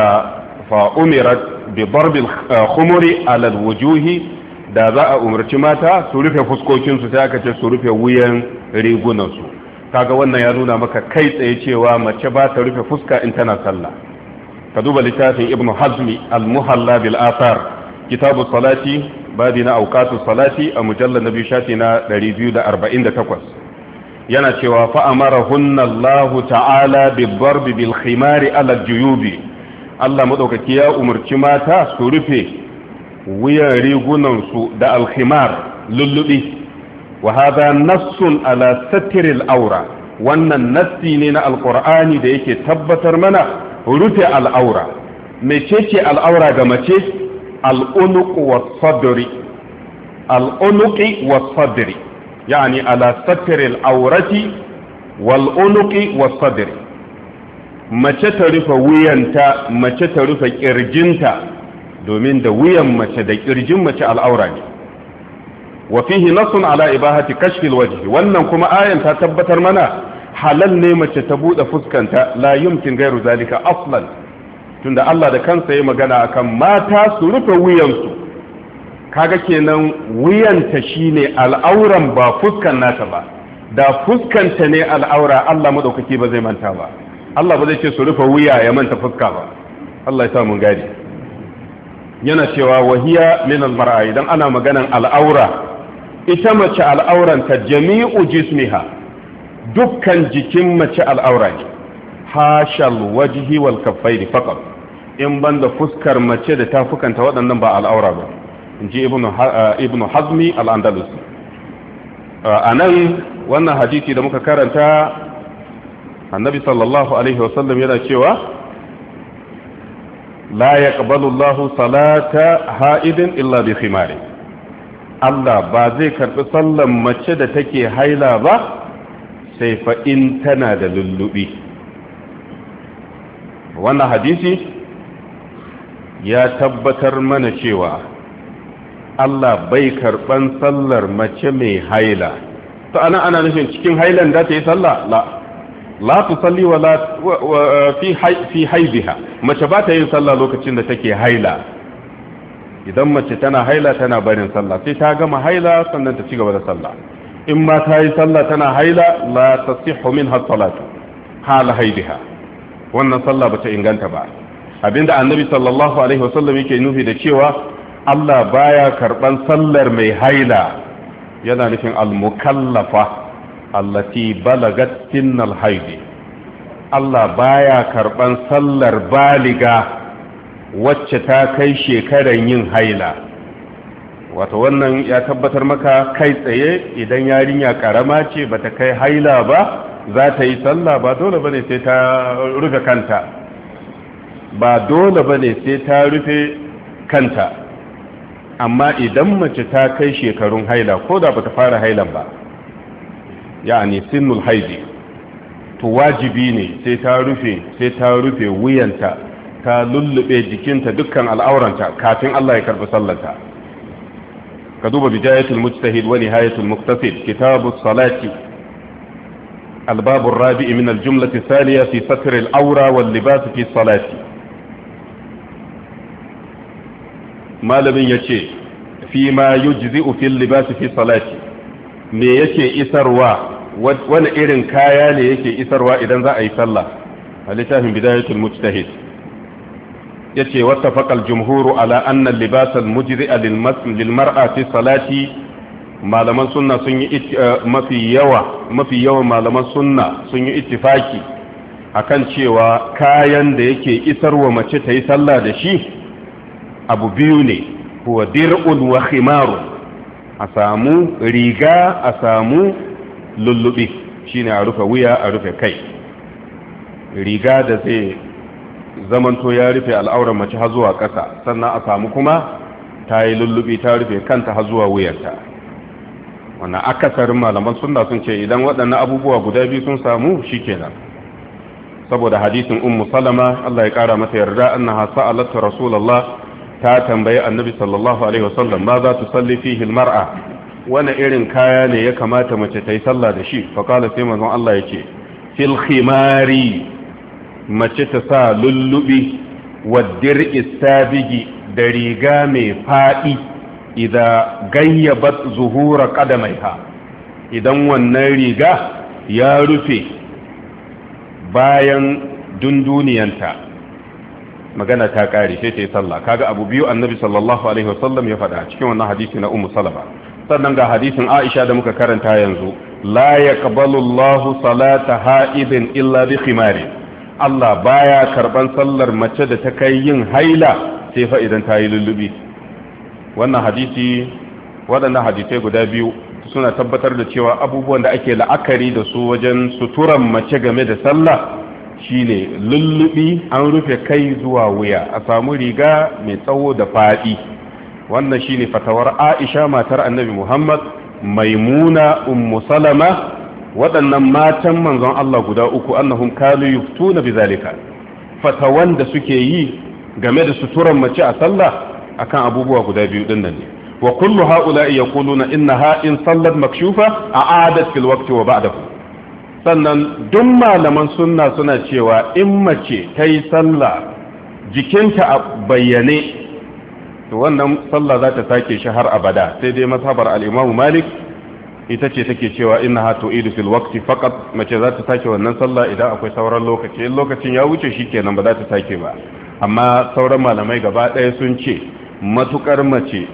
A: fa umirat bi darbil eh, ala wujuhi da za a umarci mata su rufe fuskokinsu sai aka ce su rufe wuyan rigunansu kaga wannan ya nuna maka kai tsaye cewa mace ba ta rufe fuska in tana sallah ka duba littafin ibnu hazmi al-muhalla bil athar kitabu salati babi na auqatu salati a mujallal nabi shati na 248 yana cewa fa amarahunna Allah ta'ala bibbar darb bil khimari ala juyubi Allah madaukaki ya umarci mata su rufe wuyan rigunansu da alkhimar lullubi wa hada nassun ala satiril aura wannan nassi ne na Alƙur'ani da yake tabbatar mana rufe al'aura mecece al'aura ga mace al'unuki wa sadri yani ala satiril aurati wal unuqi mace ta rufe wuyanta mace ta rufe ƙirjinta. domin da wuyan mace da kirjin mace al'aura ne wa fihi nasun ala ibahati kashfil wajhi wannan kuma ayan ta tabbatar mana halal ne mace ta bude fuskanta la yumkin gairu zalika aslan tunda Allah da kansa ya magana akan mata su rufe wuyansu kaga kenan wuyanta shine al'auran ba fuskan nata ba da fuskanta ne al'aura Allah madaukaki ba zai manta ba Allah ba zai ce su rufe wuya ya manta fuska ba Allah ya sa mun gadi yana cewa wahiya min idan ana maganan al'aura ita mace al'auranta jami'u jismiha dukkan jikin mace al'aura ne hashal wajhi wal kaffaini faqat in banda fuskar mace da tafukanta waɗannan ba al'aura ba inji ibnu eh, ibnu hazmi al-andalus eh, anan wannan hadisi da muka karanta annabi sallallahu alaihi wasallam yana cewa la yaqbalu Allahu salata ha'idin illa bi Allah ba zai karɓi sallan mace da take haila ba sai fa in tana da lullubi wannan hadisi ya tabbatar mana cewa Allah bai karɓan sallar mace mai haila ta ana ana nufin cikin hailan da ta yi sallah la la tusalli wa la fi fi haibiha mace ba ta yin sallah lokacin da take haila idan mace tana haila tana barin sallah sai ta gama haila sannan ta ci da sallah in ma ta yi sallah tana haila la tasihhu minha salatu hal haibiha wannan sallah bata inganta ba abinda annabi sallallahu alaihi wasallam yake nufi da cewa Allah baya karban sallar mai haila yana nufin al-mukallafa allati balagat sinnal haidi Allah baya karban sallar baliga wacce ta kai shekaran yin haila wato wannan ya tabbatar maka kai tsaye idan yarinya karama ce bata kai haila ba za ta yi sallah ba dole bane sai ta rufe kanta ba dole bane sai ta rufe kanta amma idan mace ta kai shekarun haila ko da bata fara hailan ba yani sinnul haidi to wajibi ne sai ta rufe sai ta rufe wuyanta ta lullube jikinta dukkan al'auranta kafin Allah ya karbi sallanta ka duba bidayatul mujtahid wa nihayatul muqtasid kitabus salati الباب الرابع من الجملة الثانية في ستر الأورى واللباس في الصلاة ما لم يشيء فيما يجزئ في اللباس fi salati. me yake isarwa wani irin kaya ne yake isarwa idan za a yi sallah a littafin bidayatul mujtahid yace wattafaqa al-jumhuru ala anna al-libas al-mujri'a lil-mar'ati salati malaman sunna sun yi eh, mafi yawa mafi yawan malaman sunna sun yi ittifaki akan cewa kayan da yake isarwa mace ta yi sallah da shi abu biyu ne huwa dir'un wa khimarun a samu riga a samu lullubi shine a rufe wuya a rufe kai riga da zai zamanto ya rufe al'auran mace har zuwa ƙasa sannan a samu kuma ta yi lullubi ta rufe kanta har zuwa wuyarta wannan akasarin malaman suna sun ce idan waɗannan abubuwa guda biyu sun samu shi shikenan saboda hadisin ummu salama Allah ya kara mata yarda annaha sa'alat rasulullah ta tambayi annabi sallallahu alaihi wasallam ma za ta salli fihi mar'a wani irin kaya ne ya kamata mace ta yi sallah da shi faƙala sai manzon Allah ya ce fil khimari mace ta sa lullubi wa dir'i sabigi da riga mai faɗi idan gayyabat zuhura qadamaiha idan wannan riga ya rufe bayan dunduniyanta magana ta kare sai ta yi sallah kaga abu biyu annabi sallallahu alaihi wasallam ya faɗa cikin wannan hadisi na ummu salama sannan ga hadisin aisha da muka karanta yanzu la yaqbalu allah salata ha'idin illa bi khimari allah baya karban sallar mace da ta kai yin haila sai fa idan ta yi lullubi wannan hadisi waɗannan hadisai guda biyu suna tabbatar da cewa abubuwan da ake la'akari da su wajen suturan mace game da sallah shine lullubi an rufe kai zuwa wuya a samu riga mai tsawo da faɗi wannan shine fatawar aisha matar annabi muhammad maimuna ummu salama waɗannan matan manzon allah guda uku annahum kanu yuftuna bizalika fatawan da suke yi game da suturan mace a sallah akan abubuwa guda biyu din nan ne wa kullu haula yaquluna inna in sallat makshufa a'adat fil waqti wa ba'dahu sannan duk malaman sunna suna cewa in mace ta yi sallah jikinta a bayyane to wannan sallah za ta sake shi har abada sai dai masabar al'imamu malik ita ce take cewa ina hatu idu fil wakti faqat mace za ta sake wannan sallah idan akwai sauran lokaci in lokacin ya wuce kenan ba za ta sake ba amma sauran malamai gaba ɗaya sun ce matukar mace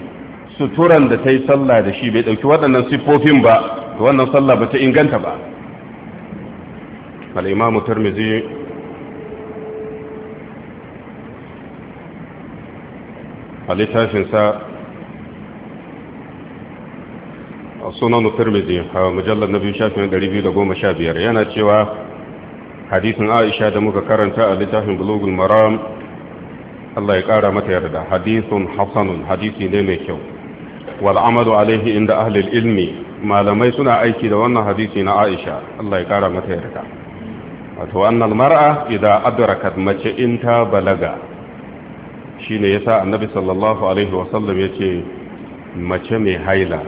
A: suturan da ta yi sallah da shi bai ɗauki waɗannan siffofin ba to wannan sallah ba ta inganta ba al'imamu tarmizi a littafinsa a sunanu tarmizi a mujallar na biyu shafin 215 yana cewa hadisin aisha da muka karanta a littafin bulogul maram Allah ya ƙara mata yarda hadisun hasanun hadisi ne mai kyau wal'amadu alaihi inda ahlil ilmi malamai suna aiki da wannan hadisi na aisha Allah ya ƙara mata yarda wato wannan mar'a idan adrakat mace in ta balaga shine yasa annabi sallallahu alaihi wasallam yace mace mai haila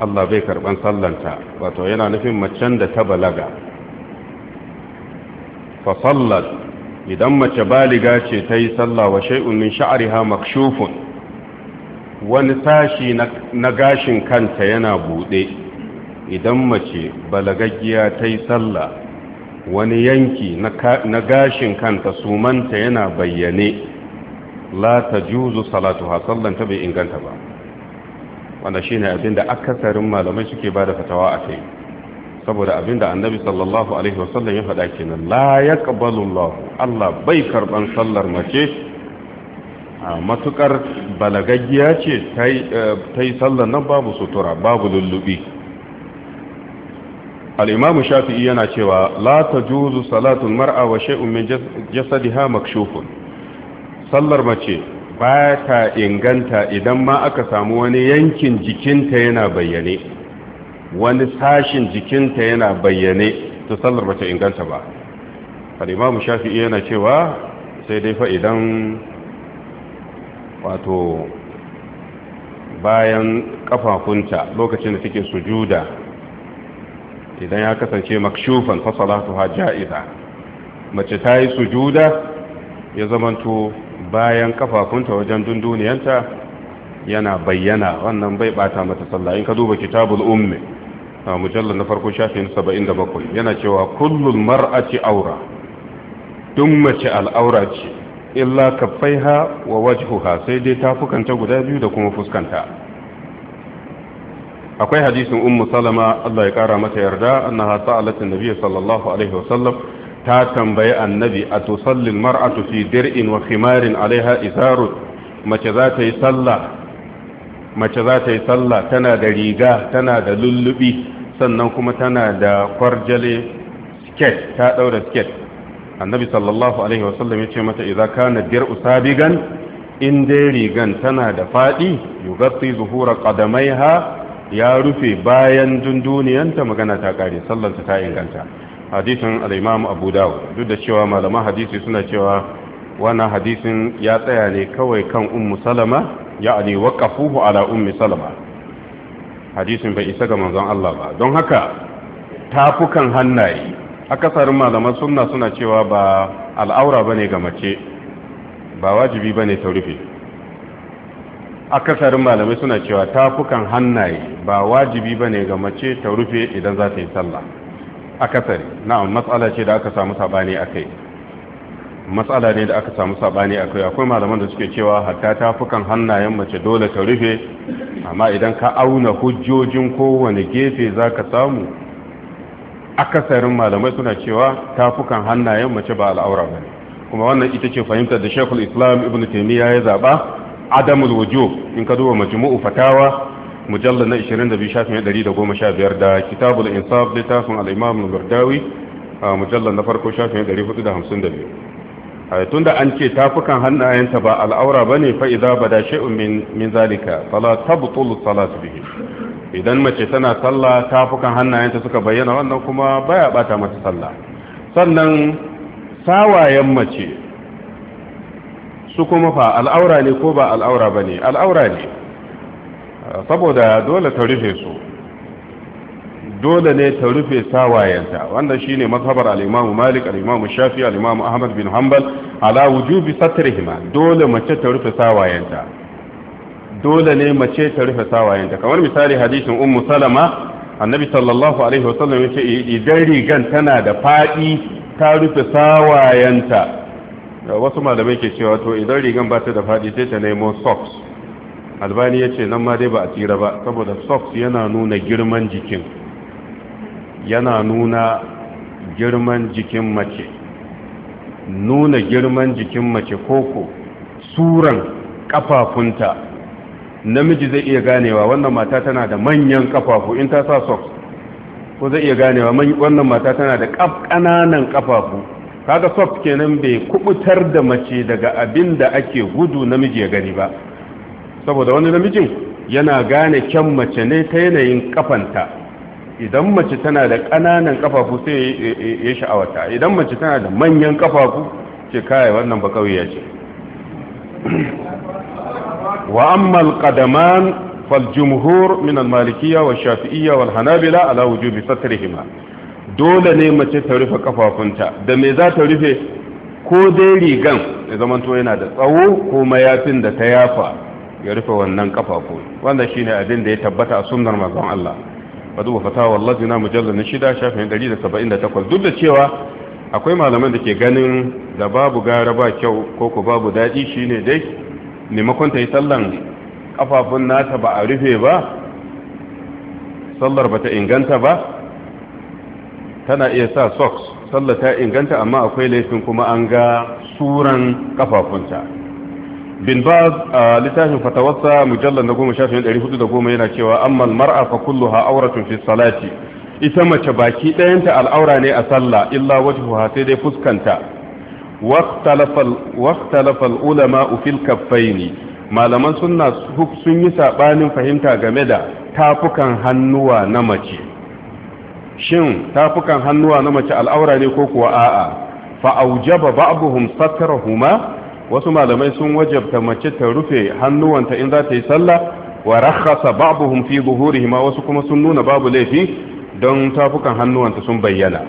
A: Allah bai karban sallanta wato yana nufin macen da ta balaga fa sallat idan mace baliga ce ta yi sallah wa shay'un min sha'riha makshufun wani sashi na gashin kanta yana bude idan mace balagaggiya ta yi sallah wani yanki na gashin kanta sumanta yana bayyane la ta juzu salatu ha ta bai inganta ba wanda shi ne abinda akasarin malamai suke ba da fatawa a kai saboda abinda annabi sallallahu alaihi wasallam ya faɗa kenan la ya lahu. allah bai karɓan sallar mace a matukar balagaggiya ce eh, ta yi sallar nan babu sutura babu lullubi al'imamu shafi'i yana cewa la ta juzu salatun mar'a wa shai'un min jasadiha makshufun sallar mace ba ta inganta idan ma aka samu wani yankin jikinta yana bayyane wani sashin jikinta yana bayyane ta sallar mace inganta ba al'imamu shafi'i yana cewa sai dai fa'idan wato bayan kafafunta lokacin da take sujuda idan ya kasance makshufan fa ha ja'iza mace ta yi sujuda ya zamanto bayan kafafunta wajen dunduniyanta yana bayyana wannan bai bata mata sallah in ka duba kitabul ummi a mujallar na farko shafin 77 yana cewa kullum mar'aci aura duk mace al'aura ce illa kaffaiha wa wajhuha sai dai tafukanta guda biyu da kuma fuskanta akwai hadisin ummu salama Allah ya kara mata yarda annaha sa'alat annabi sallallahu alaihi wasallam ta tambayi annabi a tusalli mar'atu fi dir'in wa khimarin alaiha mace za ta yi sallah mace za ta yi sallah tana da riga tana da lullubi sannan kuma tana da kwarjale sket ta daura sket annabi sallallahu alaihi wasallam ya ce mata idza kana dir'u sabigan in dai rigan tana da fadi yugatti zuhura qadamaiha ya rufe bayan dunduniyanta magana ta kare sallanta ta inganta hadisin al-imam abu dawud duk da cewa malaman hadisi suna cewa wannan hadisin ya tsaya ne kawai kan ummu salama ya ya'ani waqafuhu ala ummi salama hadisin bai isa ga manzon Allah ba don haka tafukan hannaye akasarin malaman sunna suna cewa ba al'aura bane ga mace ba wajibi bane ta rufe akasarin malamai suna cewa tafukan hannaye ba wajibi ba ne ga mace ta rufe idan za ta yi sallah akasari na matsala ce da aka samu sabani kai matsala ne da aka samu sabani kai akwai malaman da suke cewa hatta tafukan hannayen mace dole ta rufe amma idan ka auna hujjojin kowane gefe za ka samu akasarin malamai suna cewa tafukan hannayen mace ba al'aura ne kuma wannan ita ce fahimtar da shekul Islam Ibn taimiyya ya zaba Adam al wujub in ka duba majmu'u fatawa mujallal na 22 shafin 115 da kitabul insaf littafin al-imam al-bardawi mujallal na farko shafin 452 tunda an ce tafukan hannayenta ba al'aura bane fa idza bada shay'un min min zalika fala tabtul salatu bihi idan mace tana sallah tafukan hannayenta suka bayyana wannan kuma baya bata mata sallah sannan sawayen mace su kuma fa al'aura ne ko ba al'aura ba ne al'aura ne saboda dole ta rufe su dole ne ta rufe sawayenta wanda shi ne mazhabar al'imamu malik al'imamu shafi al'imamu ahmad bin hanbal ala wujubi satrihima dole mace ta rufe sawayenta dole ne mace ta rufe sawayenta kamar misali hadisin ummu salama annabi sallallahu alaihi wasallam yace idan rigan tana da fadi ta rufe sawayenta wasu malamai ke cewa to idan rigan ba ta da faɗi sai ta nemo socks albani ya ce nan ma dai ba a tsira ba saboda socks yana nuna girman jikin yana nuna girman jikin mace nuna girman jikin mace koko suran kafafunta namiji zai iya ganewa wannan mata tana da manyan kafafu in ta sa socks ko zai iya ganewa wannan mata tana da ƙananan kafafu kaga soft kenan bai kubutar da mace daga abin da ake gudu namiji ya gani ba saboda wani namijin yana gane kyan mace ne ta yanayin kafanta idan mace tana da ƙananan kafafu sai ya sha'awata idan mace tana da manyan kafafu ce kai wannan ba ya ce wa amma alqadaman fal jumhur min al-malikiyya wa shafi'iyya wal hanabila ala wujubi satrihima dole ne mace ta rufe kafafunta da me za ta rufe ko dai rigan ya zamanto yana da tsawo ko mayafin da ta yafa ya rufe wannan kafafu wanda shine abin da ya tabbata a sunnar manzon Allah wa duba fatawa wallahi na mujallal na shida shafin 178 duk da cewa akwai malaman da ke ganin da babu gara ba kyau ko ku babu dadi shine dai maimakon ta yi sallan kafafun nata ba a rufe ba sallar ba ta inganta ba tana iya sa socks sallah ta inganta amma akwai laifin kuma an ga suran kafafunta bin baz a littafin fatawarsa mujallar na goma shafin ɗari hudu da goma yana cewa amma mar'a fa kulluha auratun fi salati ita mace baki ɗayanta al'aura ne a sallah illa wajhuha sai dai fuskanta waqtalafa ulama fil kaffaini malaman sunna sun yi saɓanin fahimta game da tafukan hannuwa na mace shin tafukan hannuwa na mace al'aura ne ko kuwa a'a fa aujaba ba'dhum satrahuma wasu malamai sun wajabta mace ta rufe hannuwanta in za ta yi sallah wa rakhasa ba'dhum fi zuhurihima wasu kuma sun nuna babu laifi don tafukan hannuwanta sun bayyana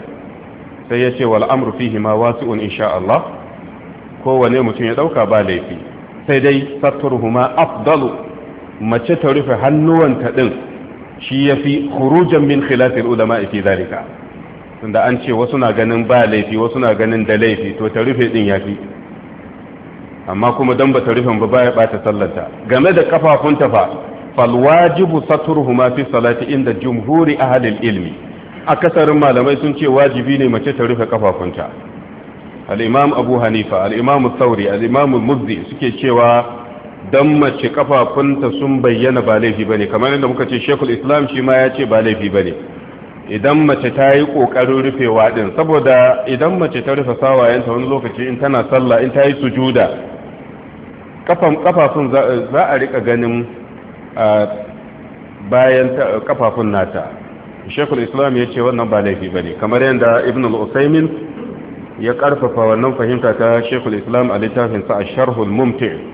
A: sai ya ce wal amru fihima wasi'un insha Allah kowane mutum ya dauka ba laifi sai dai satruhuma afdalu mace ta rufe hannuwanta din shi ya fi hurujan min khilafin ulama fi zalika tunda an ce wasu na ganin ba laifi wasu na ganin da laifi to ta rufe din fi, amma kuma don ba ta rufe ba baya bata sallanta game da kafafun tafa falwajibu satruhuma fi salati inda jumhuri ahli ilmi akasarin malamai sun ce wajibi ne mace ta rufe kafafunta al-imam abu hanifa al-imam thawri al-imam suke cewa don mace kafafunta sun bayyana ba laifi ba ne kamar yadda muka ce shekul islam shi ma ya ce ba laifi ba ne idan mace ta yi ƙoƙarin rufewa waɗin saboda idan mace ta rufe sawayenta wani lokaci in tana sallah in ta yi sujuda kafafun za a rika ganin bayan kafafun nata shekul islam ya ce wannan ba laifi ba ne kamar yadda ibn al-usaimin ya ƙarfafa wannan fahimta ta shekul islam a littafinsa a sharhul mumti'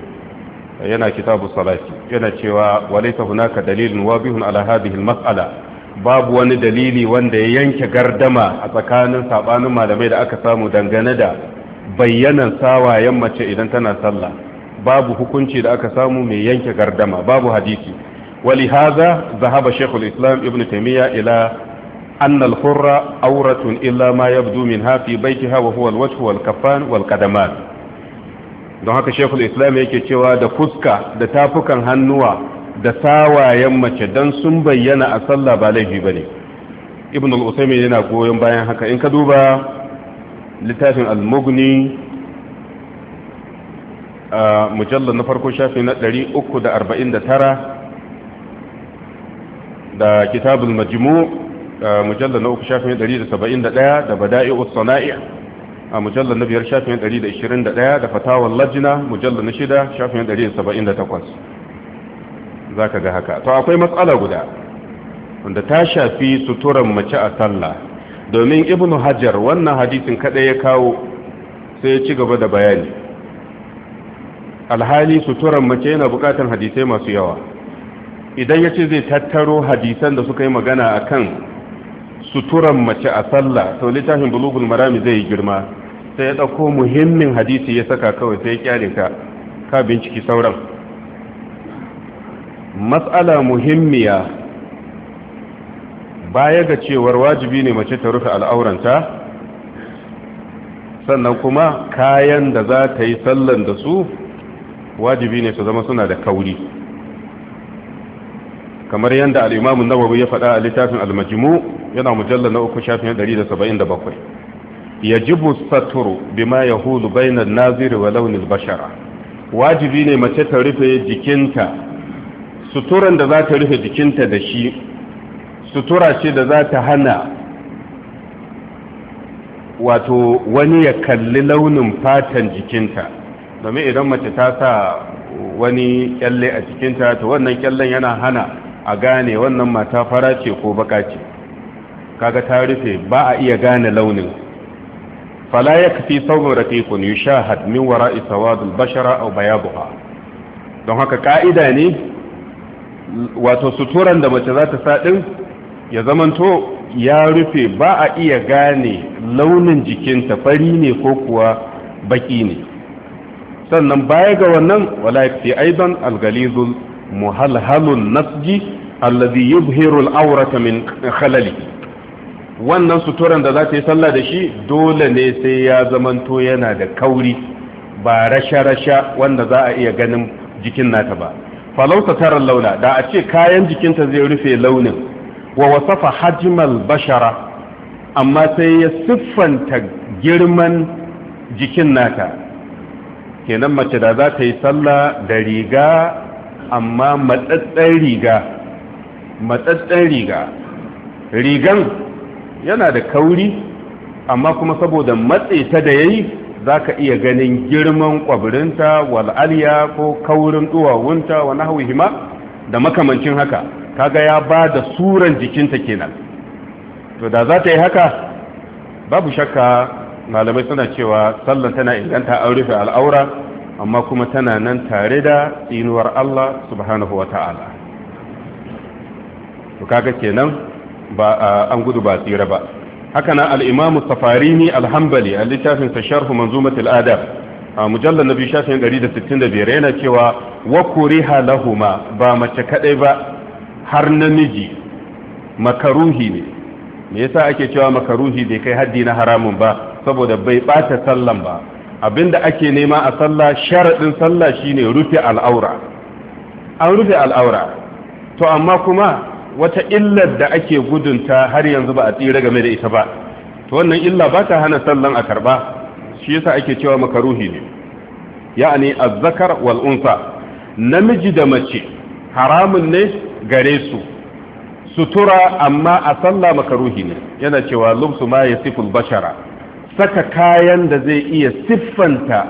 A: yana kitabu salati yana cewa walaita hunaka dalilin wabihun ala hadhihi mas'ala babu wani dalili wanda ya yanke gardama a tsakanin sabanin malamai da aka samu dangane da bayyanan sawayen mace idan tana sallah babu hukunci da aka samu mai yanke gardama babu hadisi wali haza zahaba shaykhul islam ibnu taymiya ila anna al-hurra awratun illa ma yabdu minha fi baytiha wa huwa wal kaffan wal qadamat don haka shekul islam yake cewa da fuska da tafukan hannuwa da sawayen mace don sun bayyana a sallah ba laifi ba ne ibn al'usaimi yana goyon bayan haka in ka duba littafin al-mughni a mujallar na farko shafi na 349 da kitabul majmu mujallar na uku shafi na 171 da bada'i'us sana'i' a mujallar na biyar shafin 121 da fatawar lajina mujallar na shida shafin 178 za ka ga haka to akwai matsala guda wanda ta shafi suturan mace a sallah domin ibnu hajar wannan hadisin kadai ya kawo sai ya ci gaba da bayani alhali suturan mace yana bukatar hadisai masu yawa idan ya ce zai tattaro hadisan da suka yi magana a kan suturan mace a sallah to littafin bulugul marami zai yi girma sai ya ɗauko muhimmin hadisi ya saka kawai sai ya kyale ka ka binciki sauran matsala muhimmiya baya ga cewar wajibi ne mace ta rufe al'auranta sannan kuma kayan da za ta yi sallan da su wajibi ne su zama suna da kauri kamar yadda al'imamun nawawi ya faɗa a littafin al-majimu yana mujallar na uku shafin 177 yajibu saturu bima yahulu bainan naziri wa launin bashara wajibi ne mace ta rufe jikinta suturan da za ta rufe jikinta da shi sutura ce da za ta hana wato wani ya kalli launin fatan jikinta domin idan mace ta sa wani kyalle a jikinta to wannan kyallen yana hana a gane wannan mata fara ce ko baka ce kaga ta rufe ba a iya gane launin fala yakfi sawmu raqiqun yushahad min wara'i sawad al-bashara aw bayaduha don haka ka'ida ne wato suturan da mace za ta sa ya zamanto ya rufe ba a iya gane launin jikinta fari ne ko kuwa baki ne sannan baya ga wannan wala yakfi aidan al-ghalizul muhalhalun nasji alladhi yubhiru al min khalalihi wannan suturan da za ta yi sallah da shi dole ne sai ya zamanto yana da kauri ba rasha-rasha wanda za a iya ganin jikin nata ba falauta tarar launa da a ce kayan jikinta zai rufe launin wa wasafa Hajimal bashara amma sai ya siffanta girman jikin nata kenan mace da za ta yi sallah da riga amma matsatsen riga matsatsen riga rigan yana da kauri amma kuma saboda matse ta da yayi zaka iya ganin girman kwabirinta aliya ko kaurin duwawunta wa nahwihima da makamancin haka kaga ya ba da suran jikinta kenan to da za ta yi haka babu shakka malamai suna cewa sallan tana inganta an rufe al'aura amma kuma tana nan tare da tsinuwar Allah subhanahu wa ta'ala to kaga kenan ba an gudu ba tsira ba haka na al-imam safarini alhambali a littafin sa sharh manzumat al-adab a mujallar na biyu 165 yana cewa wa halahu lahuma ba mace kaɗai ba har namiji makaruhi ne me yasa ake cewa makaruhi bai kai haddi na haramun ba saboda bai bata sallan ba abinda ake nema a sallah sharaɗin sallah shine rufe al'aura an rufe al'aura to amma kuma wata illar da ake gudunta har yanzu ba a tsira game da ita ba to wannan illa ba ta hana sallan a karba shi yasa ake cewa makaruhi ne ya'ani azzakar wal unsa namiji da mace haramun ne gare su sutura amma a sallah makaruhi ne yana cewa lubsu ma siful bashara saka kayan da zai iya siffanta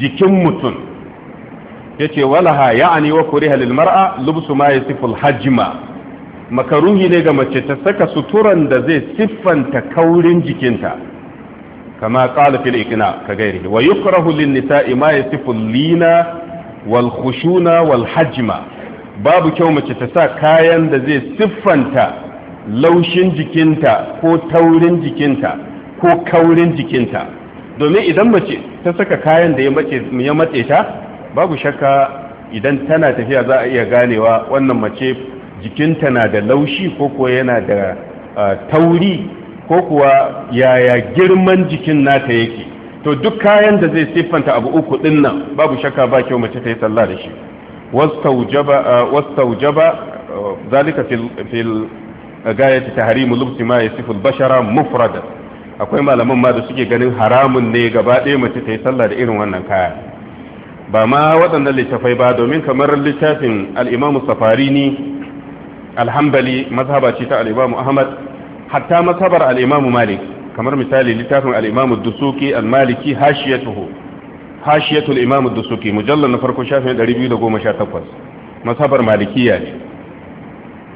A: jikin mutum ce walaha ya'ani wa kuriha lil mar'a lubsu ma siful hajma makaruhi ne ga mace ta saka suturan da zai siffanta kaurin jikinta kama qala fil ikna ka gairi wa yukrahu lin nisa'i ma yasifu lina wal khushuna wal hajma babu kyau mace ta sa kayan da zai siffanta laushin jikinta ko taurin jikinta ko kaurin jikinta domin idan mace ta saka kayan da ya matse ta babu shakka idan tana tafiya za a iya ganewa wannan mace jikinta na da laushi ko kuwa yana da tauri ko kuwa yaya girman jikin nata yake to duk kayan da zai siffanta abu uku din nan babu shakka ba kyau mace ta yi sallah da shi wastaujaba wastaujaba zalika fil fil gayati tahrimu lubsi ma yasifu al-bashara mufrada akwai malaman ma da suke ganin haramun ne gaba ɗaya mace ta yi sallah da irin wannan kaya ba ma waɗannan littafai ba domin kamar littafin al'imamu safari ne alhambali mazhaba ce ta al'imamu ahmad hatta mazhabar al'imamu malik kamar misali littafin al'imamu dusuki al-maliki hashiyatul imamu dusuki mujallar na farko shafin 218 mazhabar malikiya ne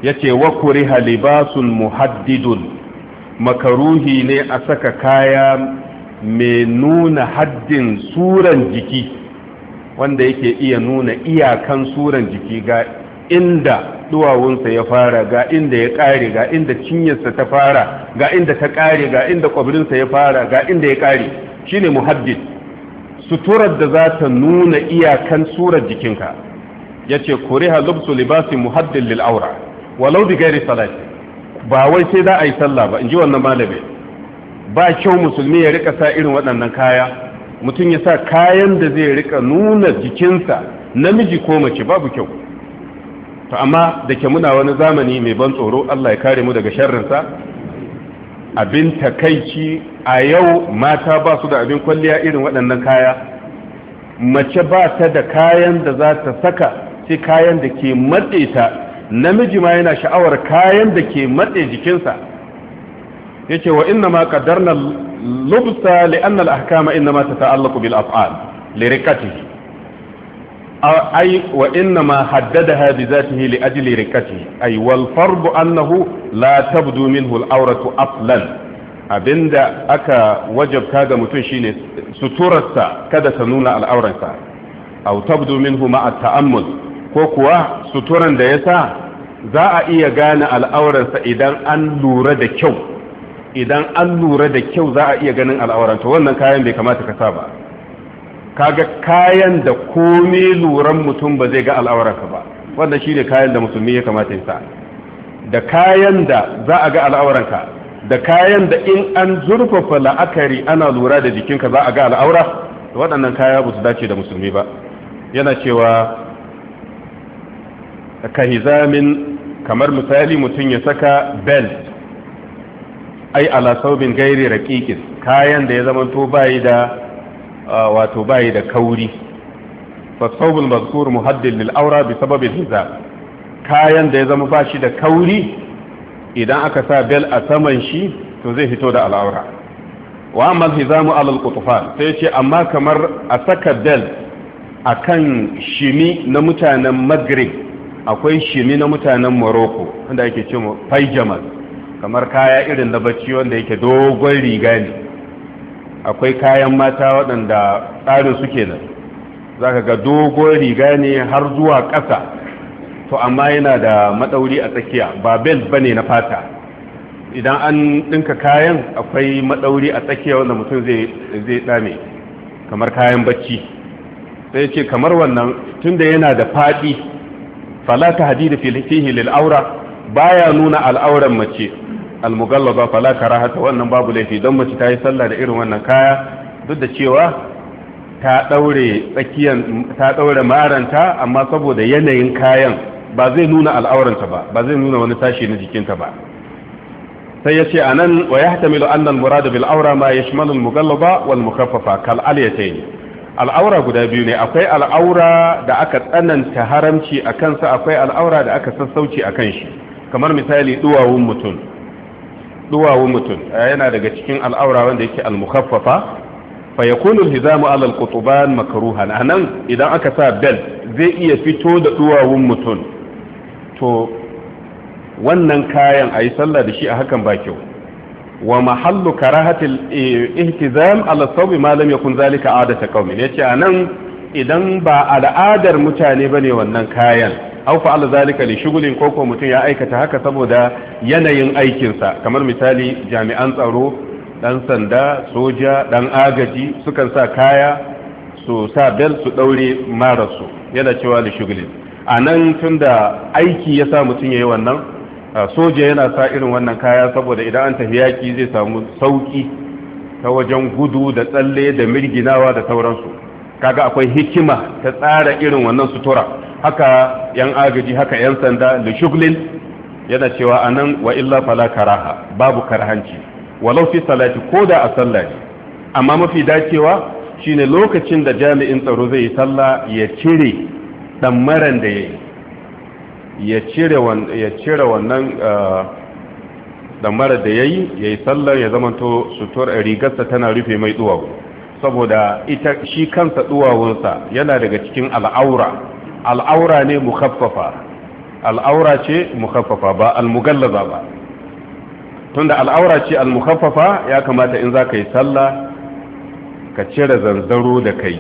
A: yace wa kuriha halibasun muhaddidun makaruhi ne a saka kaya mai nuna haddin suran jiki wanda yake iya nuna iyakan suran jiki ga inda duwawunsa ya fara ga inda ya kare ga inda cinyarsa ta fara ga inda ta kare ga inda kwabrinsa ya fara ga inda ya kare ne muhaddid, suturar da za ta nuna iyakan surar jikinka yace kuriha lubsu libasi muhaddil lil aura walau bi ghairi salati ba wai sai za a yi sallah ba In ji wannan malami ba kyau musulmi ya rika sa irin waɗannan kaya mutum ya sa kayan da zai rika nuna jikinsa namiji ko mace babu kyau to amma da ke muna wani zamani mai ban tsoro Allah ya kare mu daga sharrinsa abin takaici a yau mata ba su da abin kwalliya irin waɗannan kaya mace ba ta da kayan da za ta saka sai kayan da ke matse ta namiji ma yana sha'awar kayan da ke matse jikinsa yace wa inna ma qaddarna lubsa li anna al ahkama inna ma tata'allaqu bil af'al li rikatihi ai wa inna ma haddadaha bi zatihi li ajli rikati ai wal fardu annahu la tabdu minhu al awratu aflan abinda aka wajabka ga mutum shine suturarsa kada ta nuna al'auransa aw tabdu minhu ma ta'ammul ko kuwa suturan da yasa za a iya gane al'auransa idan an lura da kyau idan an lura da kyau za a iya ganin al'auranta wannan kayan bai kamata ka sa ba kaga kayan da komai luran mutum ba zai ga al'aurarka ba wanda ne kayan da musulmi ya kamata ya sa da kayan da za a ga al'auranka da kayan da in an zurfafa la'akari ana lura da jikinka za a ga al'aura waɗannan kaya ba su dace da musulmi ba yana cewa ka hizamin kamar misali mutum ya saka belt ai ala saubin gairi raƙiƙis kayan da ya zamanto bayi da wato bayi da kauri fasawul mazkur muhaddil lil aura bi sababil hiza kayan da ya zama bashi da kauri idan aka sa bel a saman shi to zai fito da al'aura wa amma hizamu alal qutfan sai ce amma kamar a saka bel akan shimi na mutanen maghrib akwai shimi na mutanen morocco wanda ake ce pajamas kamar kaya irin na bacci wanda yake dogon riga ne akwai kayan mata waɗanda tsarin suke nan za ka ga dogon riga ne har zuwa ƙasa to amma yana da maɗauri a tsakiya ba belt ba ne na fata idan an ɗinka kayan akwai maɗauri a tsakiya wanda mutum zai ɗame kamar kayan bacci sai ce kamar wannan tunda yana da faɗi falata hadidu aura. lil'aura baya nuna al'auran mace almugallaba fala karahata wannan babu laifi don mace ta yi sallah da irin wannan kaya duk da cewa ta daure tsakiyan ta daure maranta amma saboda yanayin kayan ba zai nuna al'auranta ba ba zai nuna wani tashi na jikinta ba sai ya ce anan wa yahtamilu anna al-murad bil awra ma yashmalu al-mughallaba wal mukhaffafa kal alyatayn al'aura guda biyu ne akwai al'aura da aka tsananta haramci a kansa akwai al'aura da aka sassauci a kan shi kamar misali duwawun mutum duwawu mutum eh, yana daga cikin al'aura wanda yake al-mukhaffafa fa yakunu al-hizamu ala al-qutuban makruhan anan idan aka sa bel zai iya fito da duwawun mutum to wannan kayan ayi sallah da shi a hakan ba kyau wa mahallu karahatil eh, ihtizam ala sawbi ma lam yakun zalika adata qaumi yace anan idan ba al'adar mutane bane wannan kayan au fa'ala zalika li shugulin ko ko mutum ya aikata haka saboda yanayin aikinsa kamar misali jami'an tsaro dan sanda soja dan agaji sukan sa kaya su sa bel su daure marasu yana cewa li shugulin a nan tun da aiki ya sa mutum ya yi wannan soja yana sa irin wannan kaya saboda idan an tafi yaki zai samu sauki ta wajen gudu da tsalle da mirginawa da sauransu kaga akwai hikima ta tsara irin wannan sutura haka yan agaji haka yan sanda da shuglin yana cewa anan wa illa fala karaha babu karhanci walau fi salati ko da a sallah amma mafi dacewa shine lokacin da jami'in tsaro zai yi sallah ya cire maran da yayi ya cire ya cire wannan eh, maran da yayi yayi sallah ya zamanto sutur rigarsa tana rufe mai duwawu saboda ita shi kansa duwawunsa yana daga cikin al'aura al'aura ne mukhaffafa al'aura ce mukhaffafa ba al-mugallaza ba tunda al'aura ce al-mukaffafa ya kamata in za ka yi sallah ka cire zanzaro da kai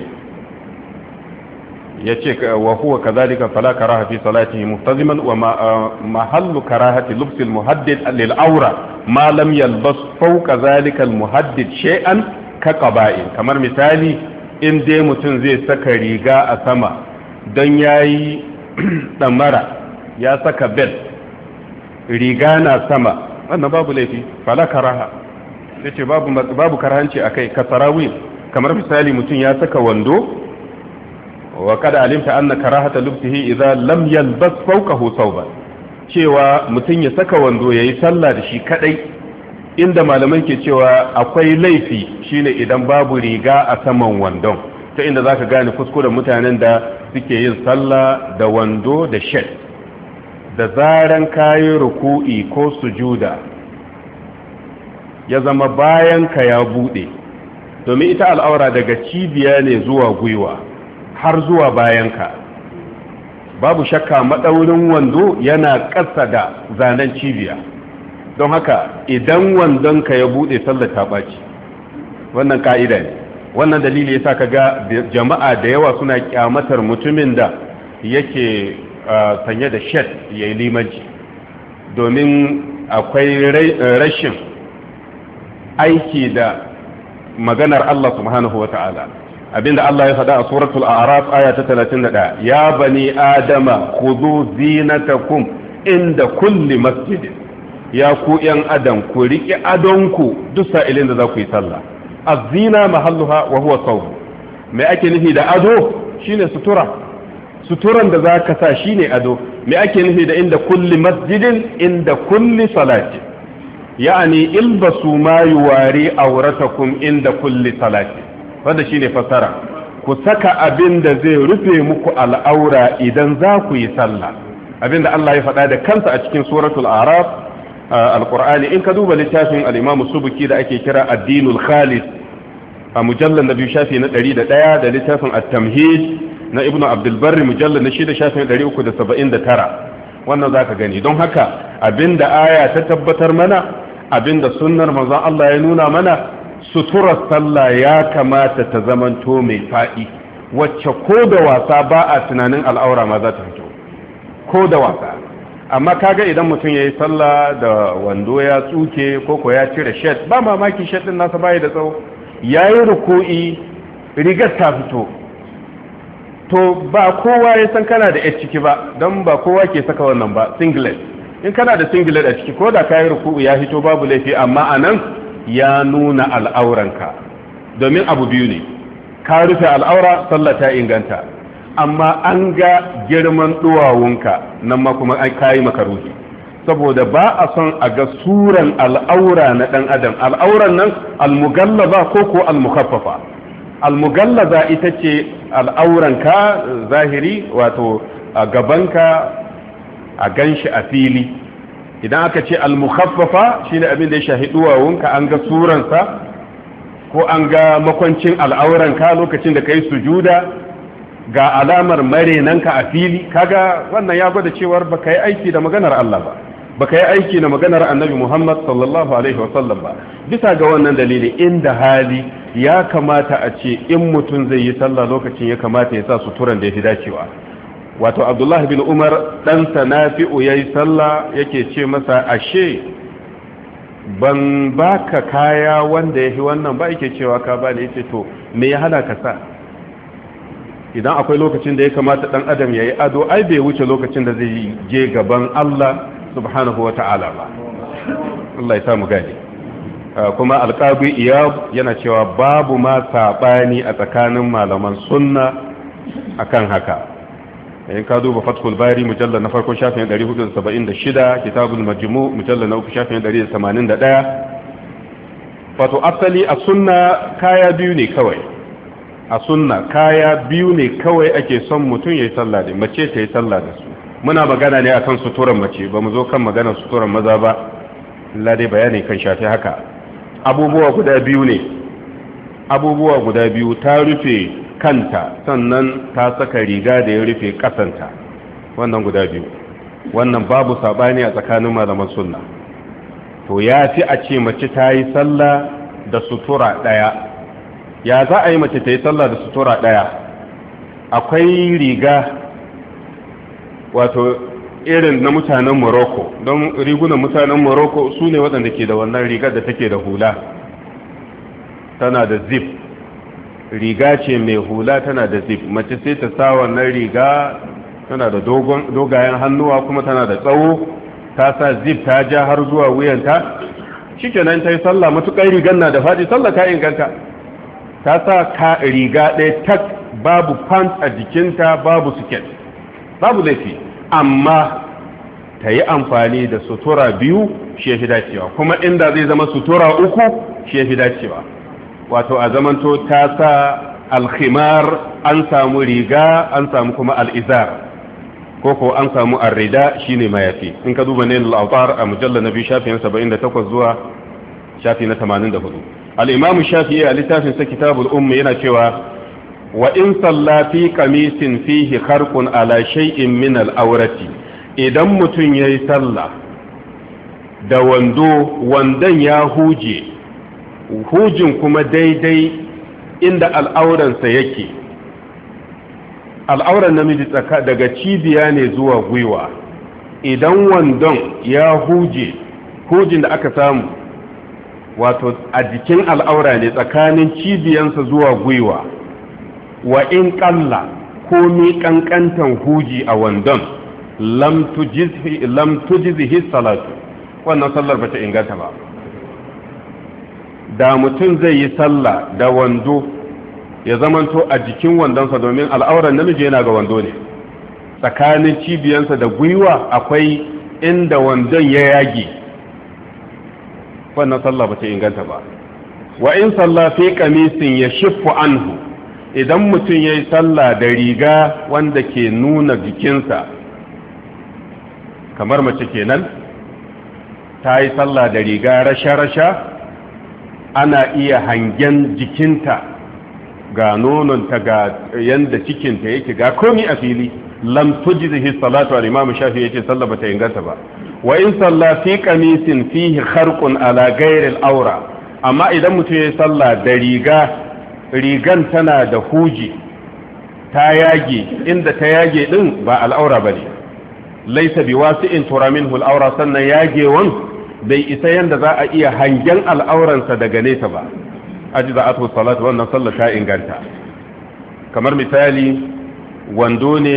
A: ya ce wa huwa kazalika fala karaha fi salatihi muftaziman wa uh, mahallu karahati lubs al-muhaddid lil aura ma lam yalbas fawqa zalika al-muhaddid shay'an ka kaba'in kamar misali in dai mutum zai saka riga a sama don ya yi ɗamara ya saka bel riga na sama wannan babu laifi fala karaha ya ce babu karahanci a kai ka sarawin kamar misali mutum ya saka wando wa kada alimta anna karahata lubtihi idza lam yalbas fawqahu thawban cewa mutum ya saka wando yayi sallah da shi kadai inda malaman ke cewa akwai laifi shine idan babu riga a saman wandon ta inda za ka gane kuskuren mutanen da suke yin sallah da wando da shed da zaren kayan ruku'i ko sujuda ya zama bayan ka ya bude domin ita al'aura daga cibiya ne zuwa gwiwa har zuwa bayan ka babu shakka maɗaunin wando yana ƙasa da zanen cibiya don haka idan wandonka ya buɗe sallar ta ɓaci wannan ka'ida ne wannan dalili ka ga jama'a da yawa suna kyamatar mutumin da yake sanye da shed yi limanci domin akwai rashin aiki da maganar Allah subhanahu wata'ala abinda Allah ya faɗa a suratul a'raf aya ta talatin da ɗaya. ya bani adama khudhu zinatakum inda kulli masjidin ya ku yan adam ku riƙe adonku duk sa'ilin da za ku yi sallah azina mahalluha wa huwa me ake nufi da ado shine sutura suturan da zaka sa shine ado me ake nufi da inda kulli masjidin inda kulli salati ya'ani ilbasu ma yuwari auratakum inda kulli salati wanda shine fasara ku saka abin da zai rufe muku al'aura idan za ku yi sallah abin da Allah ya faɗa da kansa a cikin suratul araf alƙur'ani in ka duba littafin al-imam subuki da ake kira addinul khalis a mujallar na biyu shafi na ɗari da ɗaya da littafin at-tamhid na ibnu abdul mujallar na shida shafi na ɗari uku da da saba'in tara, wannan za ka gani don haka abinda aya ta tabbatar mana abinda sunnar manzon Allah ya nuna mana suturar sallah ya kamata ta zamanto mai faɗi wacce ko da wasa ba a tunanin al'aura ma za ta fito ko da wasa amma kaga idan mutum ya yi sallah da wando ya tsuke ko ko ya cire shed ba mamaki shed din nasa bayi da tsawo ya yi ruku'i rigar ta fito to ba kowa ya san kana da 'yar ciki ba don ba kowa ke saka wannan ba singlet in kana da singlet a ciki ko da ka yi ruku'u ya hito babu laifi amma a nan ya nuna al'auranka domin abu biyu ne ka rufe al'aura sallah ta inganta amma an ga girman duwawunka nan ma kuma ka yi maka ruhi saboda ba a son a ga suran al'aura na ɗan adam al'auran nan almugallaza ko ko almukaffafa almugallaza ita ce al'auranka zahiri wato a gabanka a ganshi a fili idan aka ce almukaffafa shine abin da ya shahi duwawunka an ga suransa ko an ga makwancin al'auranka lokacin da ka yi sujuda ga alamar marenanka a fili kaga wannan ya gwada cewar ba ka yi aiki da maganar Allah ba baka yi aiki na maganar annabi Muhammad sallallahu alaihi wasallam ba bisa ga wannan dalilin inda hali ya kamata a ce in mutum zai yi sallah lokacin ya kamata ya sa suturan da ya fi dacewa wato Abdullahi bin Umar dan Sanafi'u yi sallah yake ce masa ashe ban baka kaya wanda ya fi wannan ba yake cewa ka bani yace to me ya hana ka sa idan akwai lokacin da ya kamata ɗan adam ya yi ado ai bai wuce lokacin da zai je gaban Allah subhanahu wa ta'ala ba Allah ya samu gani ah, kuma alƙabi iyab yana cewa babu ma saɓani a tsakanin malaman sunna akan haka in ka duba fatkul bari mujallar na farko shafin 476 kitabul majmu mujallar na uku shafin 181 Fatu asali a sunna kaya biyu ne kawai a sunna kaya biyu ne kawai ake son mutum ya yi sallah da mace ta yi sallah da su muna magana ne akan suturan mace ba mu zo kan magana suturan maza ba Allah dai bayani kan shafi haka abubuwa guda biyu ne abubuwa guda biyu ta rufe kanta sannan ta saka riga da ya rufe kasanta wannan guda biyu wannan babu sabani a tsakanin malaman sunna to ya fi a ce mace ta yi sallah da sutura ɗaya ya za a yi mace ta yi sallah da sutura ɗaya akwai riga wato irin na mutanen morocco don rigunan mutanen morocco su ne waɗanda ke da wannan rigar da take da hula tana da zip riga ce mai hula tana da zip mace sai ta sa wannan riga tana da dogayen hannuwa kuma tana da tsawo ta sa zip ta ja har zuwa wuyanta nan ta yi sallah matuƙar rigar na da faɗi sallah ta inganta ta sa ka riga ɗaya tak babu pants a jikinta babu suket. babu laifi amma ta yi amfani da sutura biyu shi ya fi dacewa kuma inda zai zama sutura uku shi ya fi dacewa wato a zamanto ta sa alkhimar an samu riga an samu kuma al'izar ko ko an samu arrida ne mayafi in ka duba nailul autar a mujallar na biyu shafin 78 zuwa shafi na 84 al-imam shafi'i a littafin sa kitabul umma yana cewa wa in salla fi qamisin fihi kharqun ala shay'in min al-awrati idan mutun yayi sallah da wando wandan ya huje hujin kuma daidai inda al'aurensa yake al'auran namiji tsaka daga cibiya ne zuwa gwiwa idan wandon ya huje hujin da aka samu wato a jikin al'aura ne tsakanin cibiyansa zuwa gwiwa wa in ƙalla komi ƙanƙantan huji a wandon lam tujizhi salatu wannan sallar bata inganta ba da mutum zai yi sallah da wando ya zamanto a jikin wandonsa domin al'auran namiji yana ga wando ne tsakanin cibiyansa da gwiwa akwai inda wandon ya yage wannan sallah bata inganta ba wa in salla fi ya yashiffu anhu idan mutum ya yi sallah da riga wanda ke nuna jikinsa kamar mace kenan ta yi sallah da riga rasha-rasha ana iya hangen jikinta ga nononta ga yadda cikinta yake ga komi a fili lam tujzihi salatu a imam shafi yace sallah bata inganta ba wa in salla fi kamisin fihi harkun ala gairil aura amma idan mutum ya yi sallah da riga rigan tana da huji ta yage inda ta yage din ba al'aura bane laisa tura turaminhu al'aura sannan yagewan bai isa yanda za a iya hangen al'auransa daga nesa ba ajza'atu salatu wannan sallah ta inganta kamar misali wando ne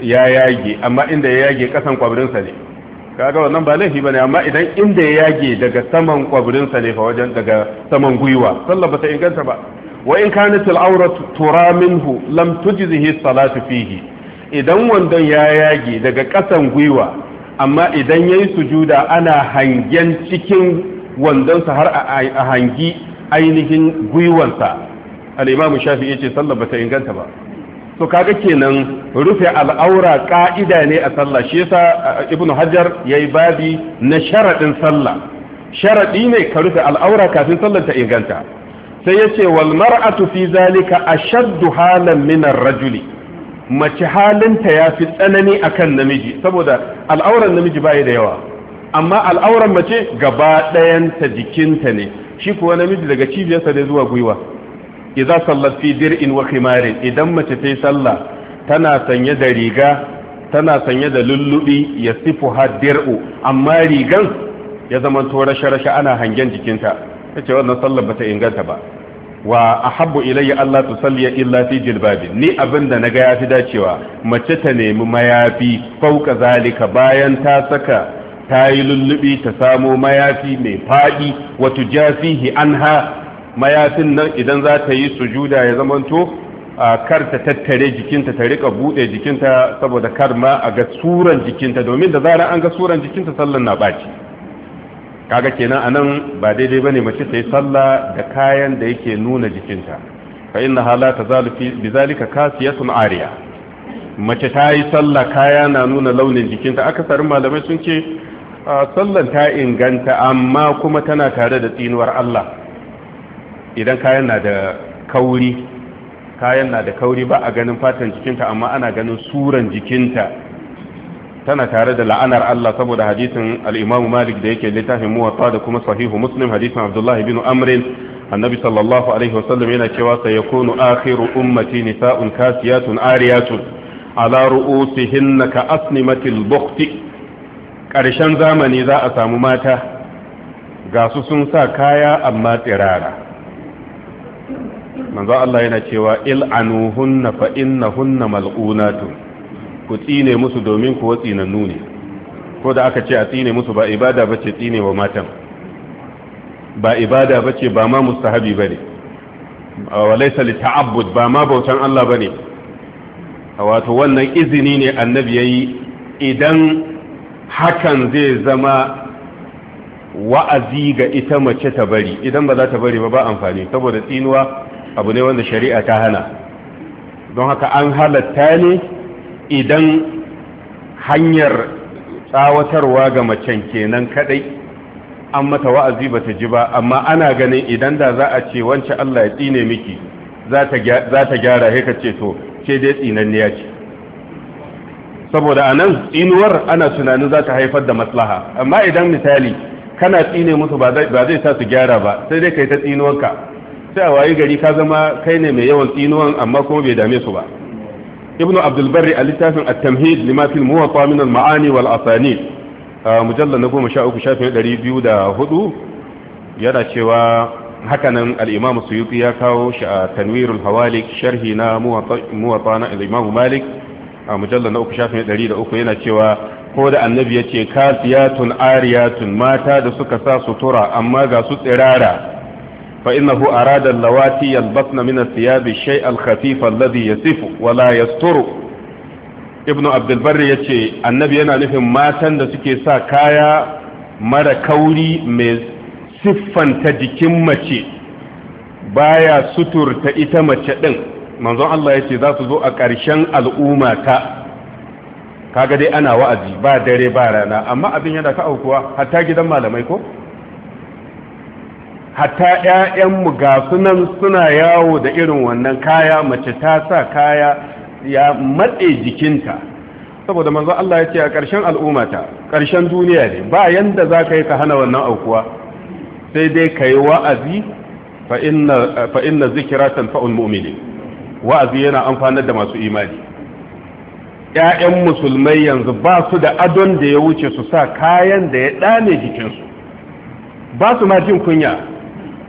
A: ya yage amma inda ya yage kasan kwabirinsa ne kaga wannan ba laifi bane amma idan inda ya yage daga saman kwabirinsa ne fa wajen daga saman gwiwa sallah ta inganta ba wa in na al'auratu tura minhu lam tujzihi salatu fihi idan wandon ya yage daga ƙasan gwiwa amma idan yayi sujuda ana hangen cikin wandonsa har a hangi ainihin gwiwansa al-imam shafi'i yace sallar bata inganta ba to kaga kenan rufe al'aura ka'ida ne a sallah shi yasa ibnu hajar yayi babi na sharaɗin sallah Sharaɗi ne ka rufe al'aura kafin sallar ta inganta sai yace wal mar'atu fi zalika ashaddu halan min ar-rajuli mace halinta ya fi tsanani akan namiji saboda al'auran namiji bai da yawa amma al'auran mace gaba ɗayanta jikinta ne shi kuwa namiji daga cibiyarsa da zuwa gwiwa idza sallat fi dir'in wa khimarin idan mace ta yi sallah tana sanye da riga tana sanye da lullubi ya sifu dir’u amma rigan ya zama to rashe-rashe ana hangen jikinta ta ce wannan sallar ba inganta ba wa ahabbu ilayya Allah tusalliya illa fi jilbabi ni abinda naga fi dacewa mace ta nemi mayafi fauka zalika bayan ta saka tayi yi lullubi ta samo mayafi mai fadi wa tujafihi anha mayafin nan idan za ta yi sujuda ya zamanto kar ta tattare jikinta ta rika bude jikinta saboda kar ma a ga suran jikinta domin da zarar an ga suran jikinta sallan na baci kaga kenan anan ba daidai bane mace ta yi sallah da kayan da yake nuna jikinta fa inna hala tazalu fi bizalika kasiyatun ariya mace ta yi sallah kaya na nuna launin jikinta akasarin malamai sun ce sallan ta inganta amma kuma tana tare da tsinuwar Allah idan kayan na da kauri kayan na da kauri ba a ganin fatan jikinta amma ana ganin suran jikinta tana tare da la'anar Allah saboda hadisin al-Imam Malik da yake littafin Muwatta da kuma Sahihu Muslim hadisin Abdullah ibn Amr annabi sallallahu alaihi sallam, yana cewa sayakunu akhiru ummati nisa'un kasiyatun ariyatun ala ru'usihinna ka asnimatil bukhti karshen zamani za a samu mata ga su sun sa kaya amma tsirara manzo Allah yana cewa il'anuhunna fa innahunna mal'unatun ku tsine musu domin kuwa tsinannu ne ko da aka ce a tsine musu ba ibada ba ce tsine wa matan ba ibada ba ba ma mustahabi ba ne wa laisa li ta'abbud ba ma bautan Allah ba ne wato wannan izini ne annabi yayi idan hakan zai zama wa'azi ga ita mace ta bari idan ba za ta bari ba ba amfani saboda tsinuwa abu ne wanda shari'a ta hana don haka an halatta ne idan hanyar tsawatarwa ga macen kenan kadai an mata wa'azi ba ta ji ba amma ana ganin idan da za a ce wancan Allah ya tsine miki za ta gyara haka ce to ce dai tsinanniya ce saboda a nan tsinuwar ana tunanin za ta haifar da maslaha amma idan misali kana tsine musu ba zai sa su gyara ba sai dai kai ta tsinuwanka, sai a wayi gari ka zama kai ne mai yawan tsinuwan amma kuma bai dame su ba ibnu abdul barri a littafin at-tamhid lima fil muwatta min al-ma'ani wal asani mujallal na 13 shafin 204 yana cewa hakanan al-imam suyuti ya kawo shi a tanwirul hawalik sharhi na muwatta na al-imam malik a mujallal na 3 shafin 103 yana cewa ko da annabi yace kasiyatun ariyatun mata da suka sa sutura amma ga su tsirara فإنه أراد اللواتي يلبطن من الثياب الشيء الخفيف الذي يصف ولا يستر ابن عبد البر يتي النبي yana nufin matan da suke sa kaya mara kauri mai siffanta jikin mace baya suturta ita mace din manzon Allah yace za su zo a karshen al'umma ta kaga dai ana wa'azi ba dare ba rana amma abin yana ka aukuwa hatta gidan malamai ko hatta 'ya'yanmu ga sunan suna yawo da irin wannan kaya mace ta sa kaya ya matse jikinta saboda manzo Allah ya ce a ƙarshen al'ummata ƙarshen duniya ne ba yanda za ka yi ka hana wannan aukuwa sai dai ka yi wa'azi fa inna zikira tanfa'ul muminin, wa'azi yana amfanar da masu imani ‘ya'yan musulmai yanzu ba su da adon da ya wuce su sa kayan da ya ɗane jikinsu ba su ma jin kunya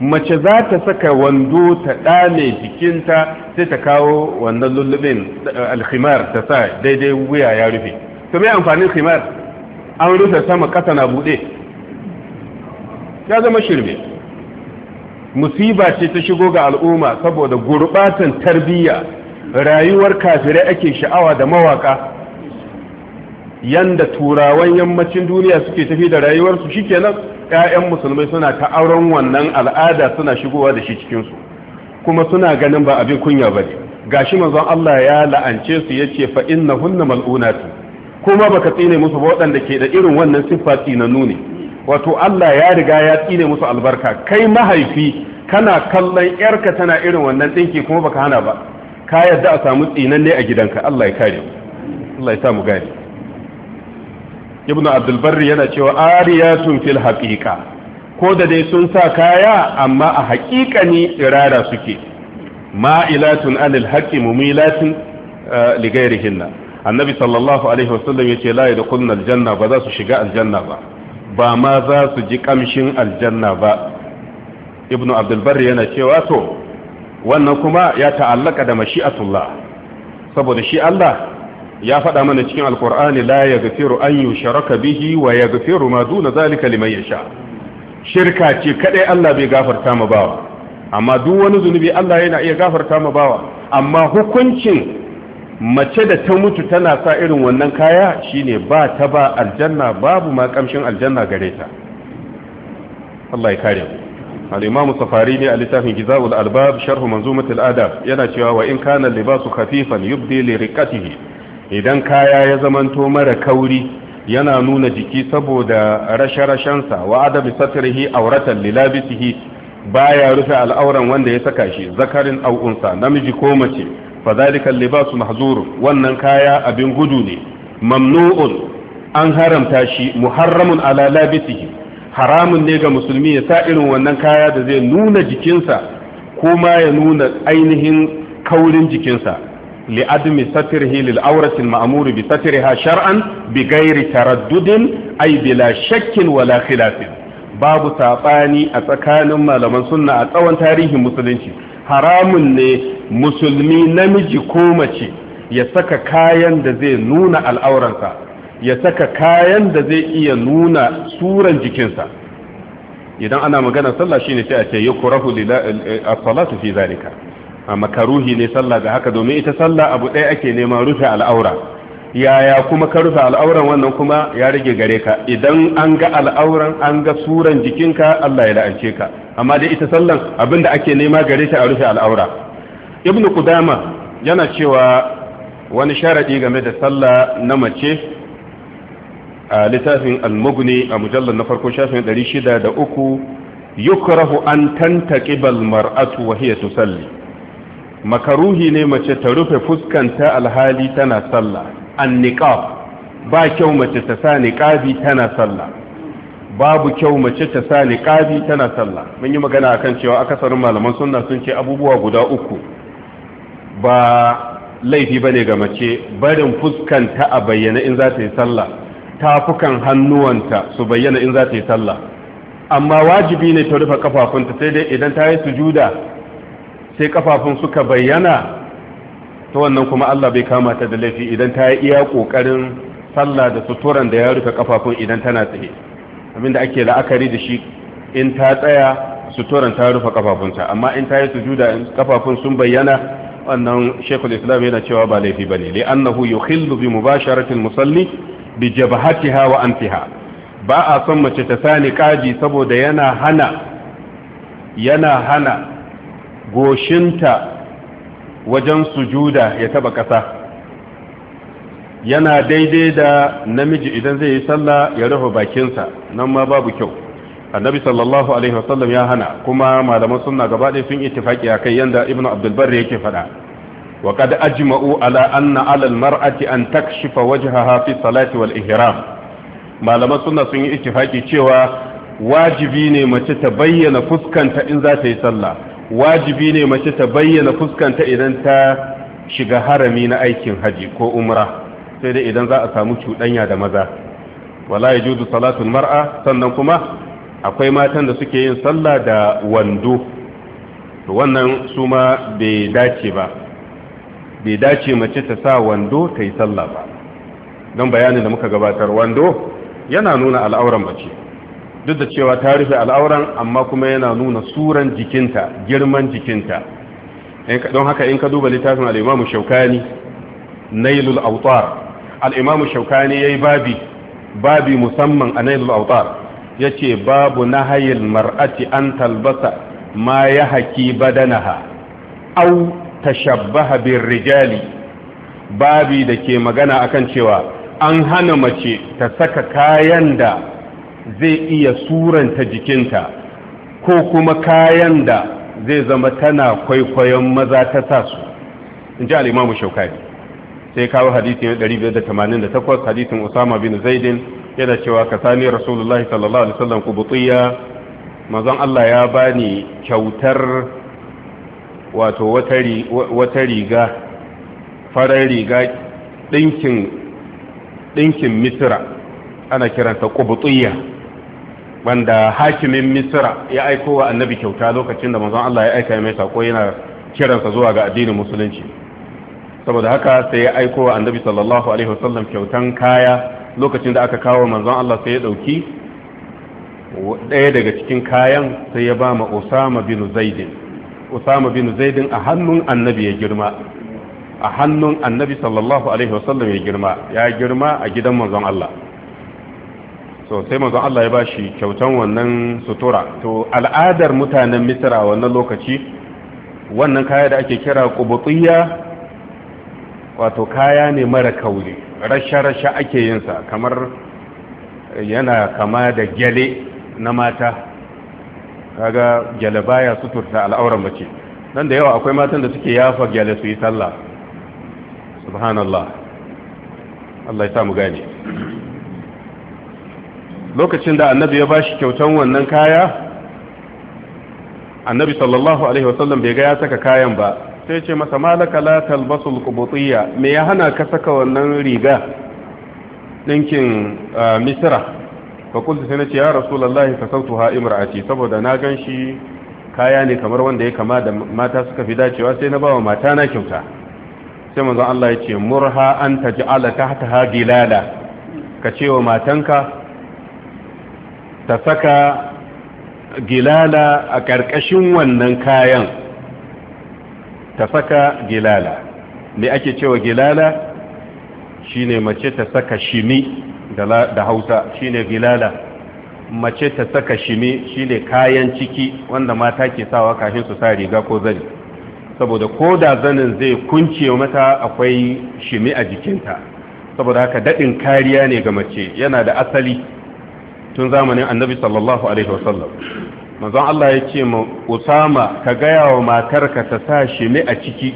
A: mace za ta saka wando ta ɗame jikinta sai ta kawo wannan lullubin eh, alkhimar ta sa daidai wuya ya rufe to mai amfanin khimar an rufe sama kasa na buɗe ya zama shirme musiba ce ta shigo ga al'umma saboda gurbatan tarbiyya rayuwar kafirai ake sha'awa da mawaka yanda turawan yammacin duniya suke tafi da rayuwarsu shikenan 'ya'yan musulmai suna ta auren wannan al'ada suna shigowa da shi cikin su kuma suna ganin ba abin kunya ba ne gashi manzon Allah ya la'ance su ya ce fa inna hunna mal'unatu kuma baka tsine musu ba waɗanda ke da irin wannan siffa tsina nuni, wato Allah ya riga ya tsine musu albarka kai mahaifi kana kallon yarka tana irin wannan ɗinki kuma baka hana ba ka yadda a samu tsinan ne a gidanka Allah ya kare Allah ya sa mu ibn abdulbarri yana cewa ariyatun fil haqiqa ko da dai sun sa kaya amma a haƙiƙani irara suke ma'ilatun anil haqqi mumilatun eh, li ghairihinna annabi sallallahu alaihi wasallam yace la yadkhulna aljanna ba za su shiga aljanna ba ba ma za su ji kamshin aljanna ba ibn abdulbarri yana cewa to wannan kuma ya ta'allaka da mashi'atullah saboda shi Allah ya faɗa mana cikin alkur'ani la yaghfiru an yushraka bihi wa yaghfiru ma duna zalika liman yasha shirka ce kadai Allah bai gafarta ma bawa amma duk wani zunubi Allah yana iya gafarta ma bawa amma hukuncin mace da ta mutu tana sa irin wannan kaya shine ba ta ba aljanna babu ma kamshin aljanna gare ta Allah ya kare mu al-imam safari ne a littafin giza'ul albab sharh manzumat al-adab yana cewa wa in kana libasu khafifan yubdi li riqatihi idan kaya ya zamanto mara kauri yana nuna jiki saboda rashe-rashensa wa adabi satirihi auratan lilabisihi baya rufe al'auran wanda ya saka shi zakarin au'unsa namiji ko mace fadhalikan libasu mahzurun wannan kaya abin gudu ne mamnu'un an haramta shi muharramun ala haramun ne ga musulmi ya sa irin wannan kaya da zai nuna jikinsa kuma ya nuna ainihin kaurin jikinsa لعدم ستره للعورة bi بسترها شرعا بغير تردد أي بلا شك shakkin walakilafi babu saɓani a tsakanin malaman sunna a tsawon tarihin musulunci haramun ne musulmi namiji ko mace ya saka kayan da zai nuna al'auransa ya saka kayan da zai iya nuna suran jikinsa idan ana magana sallah shine sai a ce yi kurahu a salatu fi zalika a makaruhi ne sallah ga haka domin ita sallah abu ɗaya ake nema rufe al'aura yaya kuma ka rufe al'auran wannan kuma ya rage gare ka idan an ga al'auran an ga suran jikinka Allah ya la'ance ka amma dai ita sallan abinda ake nema gare ta a rufe al'aura ibnu Kudama yana cewa wani sharadi game da sallah na mace a littafin al-mughni a mujallal na farko shafin 603 yukrahu an tantaqibal maratu wa hiya tusalli makaruhi ne mace ta rufe fuskanta alhali tana sallah an niqab ba kyau mace ta sa niqabi tana sallah babu kyau mace ta sa niqabi tana sallah mun yi magana akan cewa akasarin malaman sunna sun ce abubuwa guda uku ba laifi bane ga mace barin fuskanta a bayyana in za ta yi sallah tafukan hannuwanta su bayyana in za ta yi sallah amma wajibi ne ta rufe kafafunta sai dai idan ta yi sujuda sai kafafun suka bayyana ta wannan kuma Allah bai kama ta da laifi idan ta yi iya kokarin sallah da suturan da ya rufe kafafun idan tana tsaye abinda ake la'akari da shi in ta tsaya suturan ta rufe kafafunta amma in ta yi sujuda in kafafun sun bayyana wannan shekul islam yana cewa ba laifi ba ne annahu yukhillu bi mubasharatil musalli bi jabhatiha wa antiha ba a son mace ta sani kaji saboda yana hana yana hana goshinta wajen sujuda ya taba ƙasa yana daidai da namiji idan zai yi sallah ya rufe bakinsa nan ma babu kyau annabi sallallahu alaihi wasallam ya hana kuma malaman sunna gaba ɗaya sun ittifaki akai yanda ibnu abdul barri yake faɗa wa qad ajma'u ala anna 'ala al-mar'ati an takshifa wajhaha fi salati wal ihram malaman sunna sun yi ittifaki cewa wajibi ne mace ta bayyana fuskanta in za ta yi sallah wajibi ne mace ta bayyana fuskanta idan ta shiga harami na aikin haji ko umra sai dai idan za a samu cuɗanya da maza wala ya juzu salatun mar'a sannan kuma akwai matan da suke yin sallah da wando wannan su ma bai dace ba bai dace mace ta sa wando ta yi sallah ba don bayanin da muka gabatar wando yana nuna al'auran mace duk da cewa ta rufe al'auran amma kuma yana nuna suran jikinta girman jikinta don haka in ka duba littafin al'imamu shaukani nailul autar al'imamu shaukani ya yi babi babi musamman a nailul autar ya ce babu na hayil mar'ati an talbasa ma ya haki badanaha au tashabbaha bin rijali babi da ke magana akan cewa an hana mace ta saka kayan da zai iya suranta jikinta ko kuma kayan da zai zama tana kwaikwayon maza ta sa su in ji al'imamu shaukari sai kawo hadithin 1988 hadithin usama bin zaidin yana cewa ka sani rasulullahi sallallahu alaihi wasallam kubutiyya mazan Allah ya bani kyautar wato wata riga farar riga ɗinkin misra ana kiranta kubutiyya wanda hakimin misra ya aiko wa annabi kyauta lokacin da manzon Allah ya aika mai sako yana kiransa zuwa ga addinin musulunci saboda haka sai ya aiko wa annabi sallallahu alaihi wasallam kyautan kaya lokacin da aka kawo manzon Allah sai ya dauki daya daga cikin kayan sai ya ba ma Usama bin Zaidin Usama bin Zaidin a hannun annabi ya girma a hannun annabi sallallahu alaihi wasallam ya girma ya girma a gidan manzon Allah so sai mazu Allah ya bashi kyautan wannan sutura to al'adar mutanen misra wannan lokaci wannan kaya da ake kira qubutiyya wato kaya ne mara kauri rasha-rasha ake yinsa kamar yana kama da gyale na mata kaga gyale baya suturta al'auran mace nan da yawa akwai matan da suke yafa gyale su yi sallah subhanallah Allah ya samu gane lokacin da annabi ya bashi kyautan wannan kaya annabi sallallahu alaihi wasallam bai ga ya saka kayan ba sai ce masa malaka la talbasul qubutiyya me ya hana ka saka wannan riga dinkin misra fa kullu sai nace ya rasulullahi sautuha imraati saboda na ganshi kaya ne kamar wanda ya kama da mata suka fi dacewa sai na bawa mata na kyauta sai manzon Allah ya ce murha an taj'ala tahtaha gilala ka ce wa matanka ta saka gilala a ƙarƙashin wannan kayan ta saka gilala ne ake cewa gilala shi ne mace ta saka shimi da hausa shi ne gilala mace ta saka shimi shi ne kayan ciki wanda mata ke sawa kafin su sa riga ko zani saboda ko da zanin zai kunce mata akwai shimi a jikinta saboda haka daɗin kariya ne ga mace yana da asali tun zamanin annabi sallallahu alaihi wasallam manzon Allah ya ce ma Usama ka gaya wa matarka ta sa shi ne a ciki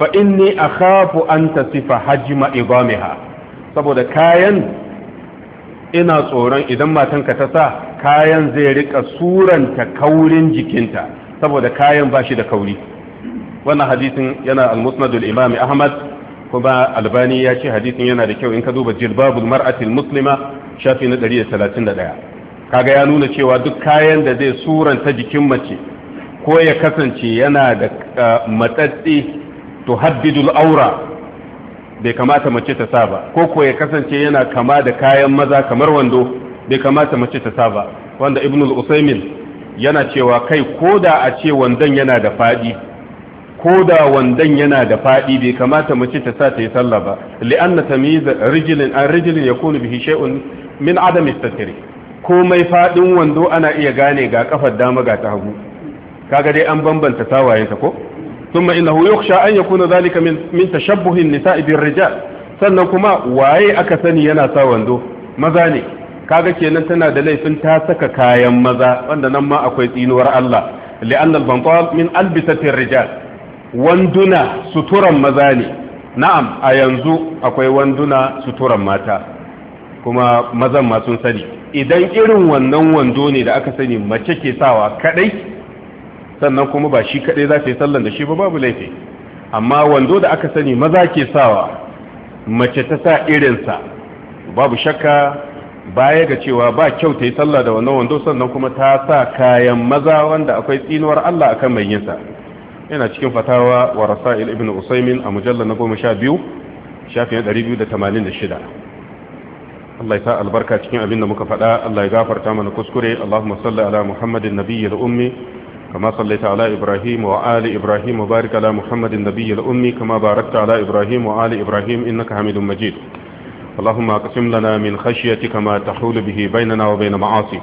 A: fa inni akhafu an tasifa hajma idamiha saboda kayan ina tsoron idan matanka ta sa kayan zai rika suranta kaurin jikinta saboda kayan bashi da kauri wannan hadisin yana al-musnad al-imam Ahmad kuma albani ya ce hadisin yana da kyau in ka duba jilbabul mar'atil muslima shafi na ɗari da da talatin ɗaya. kaga ya nuna cewa duk kayan da zai suranta jikin mace ko ya kasance yana da eh, matsatsi to haddidul aura bai kamata mace ta saba ko ko ya kasance yana kama da kayan maza kamar wando bai kamata mace ta saba wanda ibnul usaimin yana cewa kai ko da a ce wandon yana da fadi ko da wandan yana da faɗi bai kamata mace ta sa ta yi sallah ba li'anna tamyiz rijlin an rijlin yakunu bihi shay'un min adam istatir komai faɗin wando ana iya gane ga kafar dama ga ta hagu kaga dai an bambanta tawayen ta ko thumma innahu yukhsha an yakuna zalika min min tashabbuhin nisa'i bir rijal sannan kuma waye aka sani yana sa wando maza ne kaga kenan tana da laifin ta saka kayan maza wanda nan ma akwai tsinuwar Allah li'anna al-bantal min albisatir rijal wanduna suturan maza ne na'am a yanzu akwai wanduna suturan mata kuma mazan ma sun sani idan irin wannan wando ne da aka sani mace ke sawa kadai sannan kuma ba shi kadai za ta yi sallan da shi ba babu laifi amma wando da aka sani maza ke sawa mace ta sa irinsa babu shakka baya ga cewa ba kyau ta yi sallah da wannan wando sannan kuma ta sa kayan maza wanda akwai tsinuwar Allah akan mai yinsa yana cikin fatawa wa rasa'il ibn usaimin a mujallar na goma sha biyu shafin ɗari biyu da tamanin da shida Allah ya sa albarka cikin abin da muka faɗa Allah ya gafarta mana kuskure Allahumma salli ala Muhammadin nabiyyil ummi kama sallaita ala Ibrahim wa ali Ibrahim wa barik ala Muhammadin nabiyyil ummi kama barakta ala Ibrahim wa ali Ibrahim innaka Hamidum Majid اللهم اقسم لنا من خشيتك ما تحول به بيننا وبين معاصيك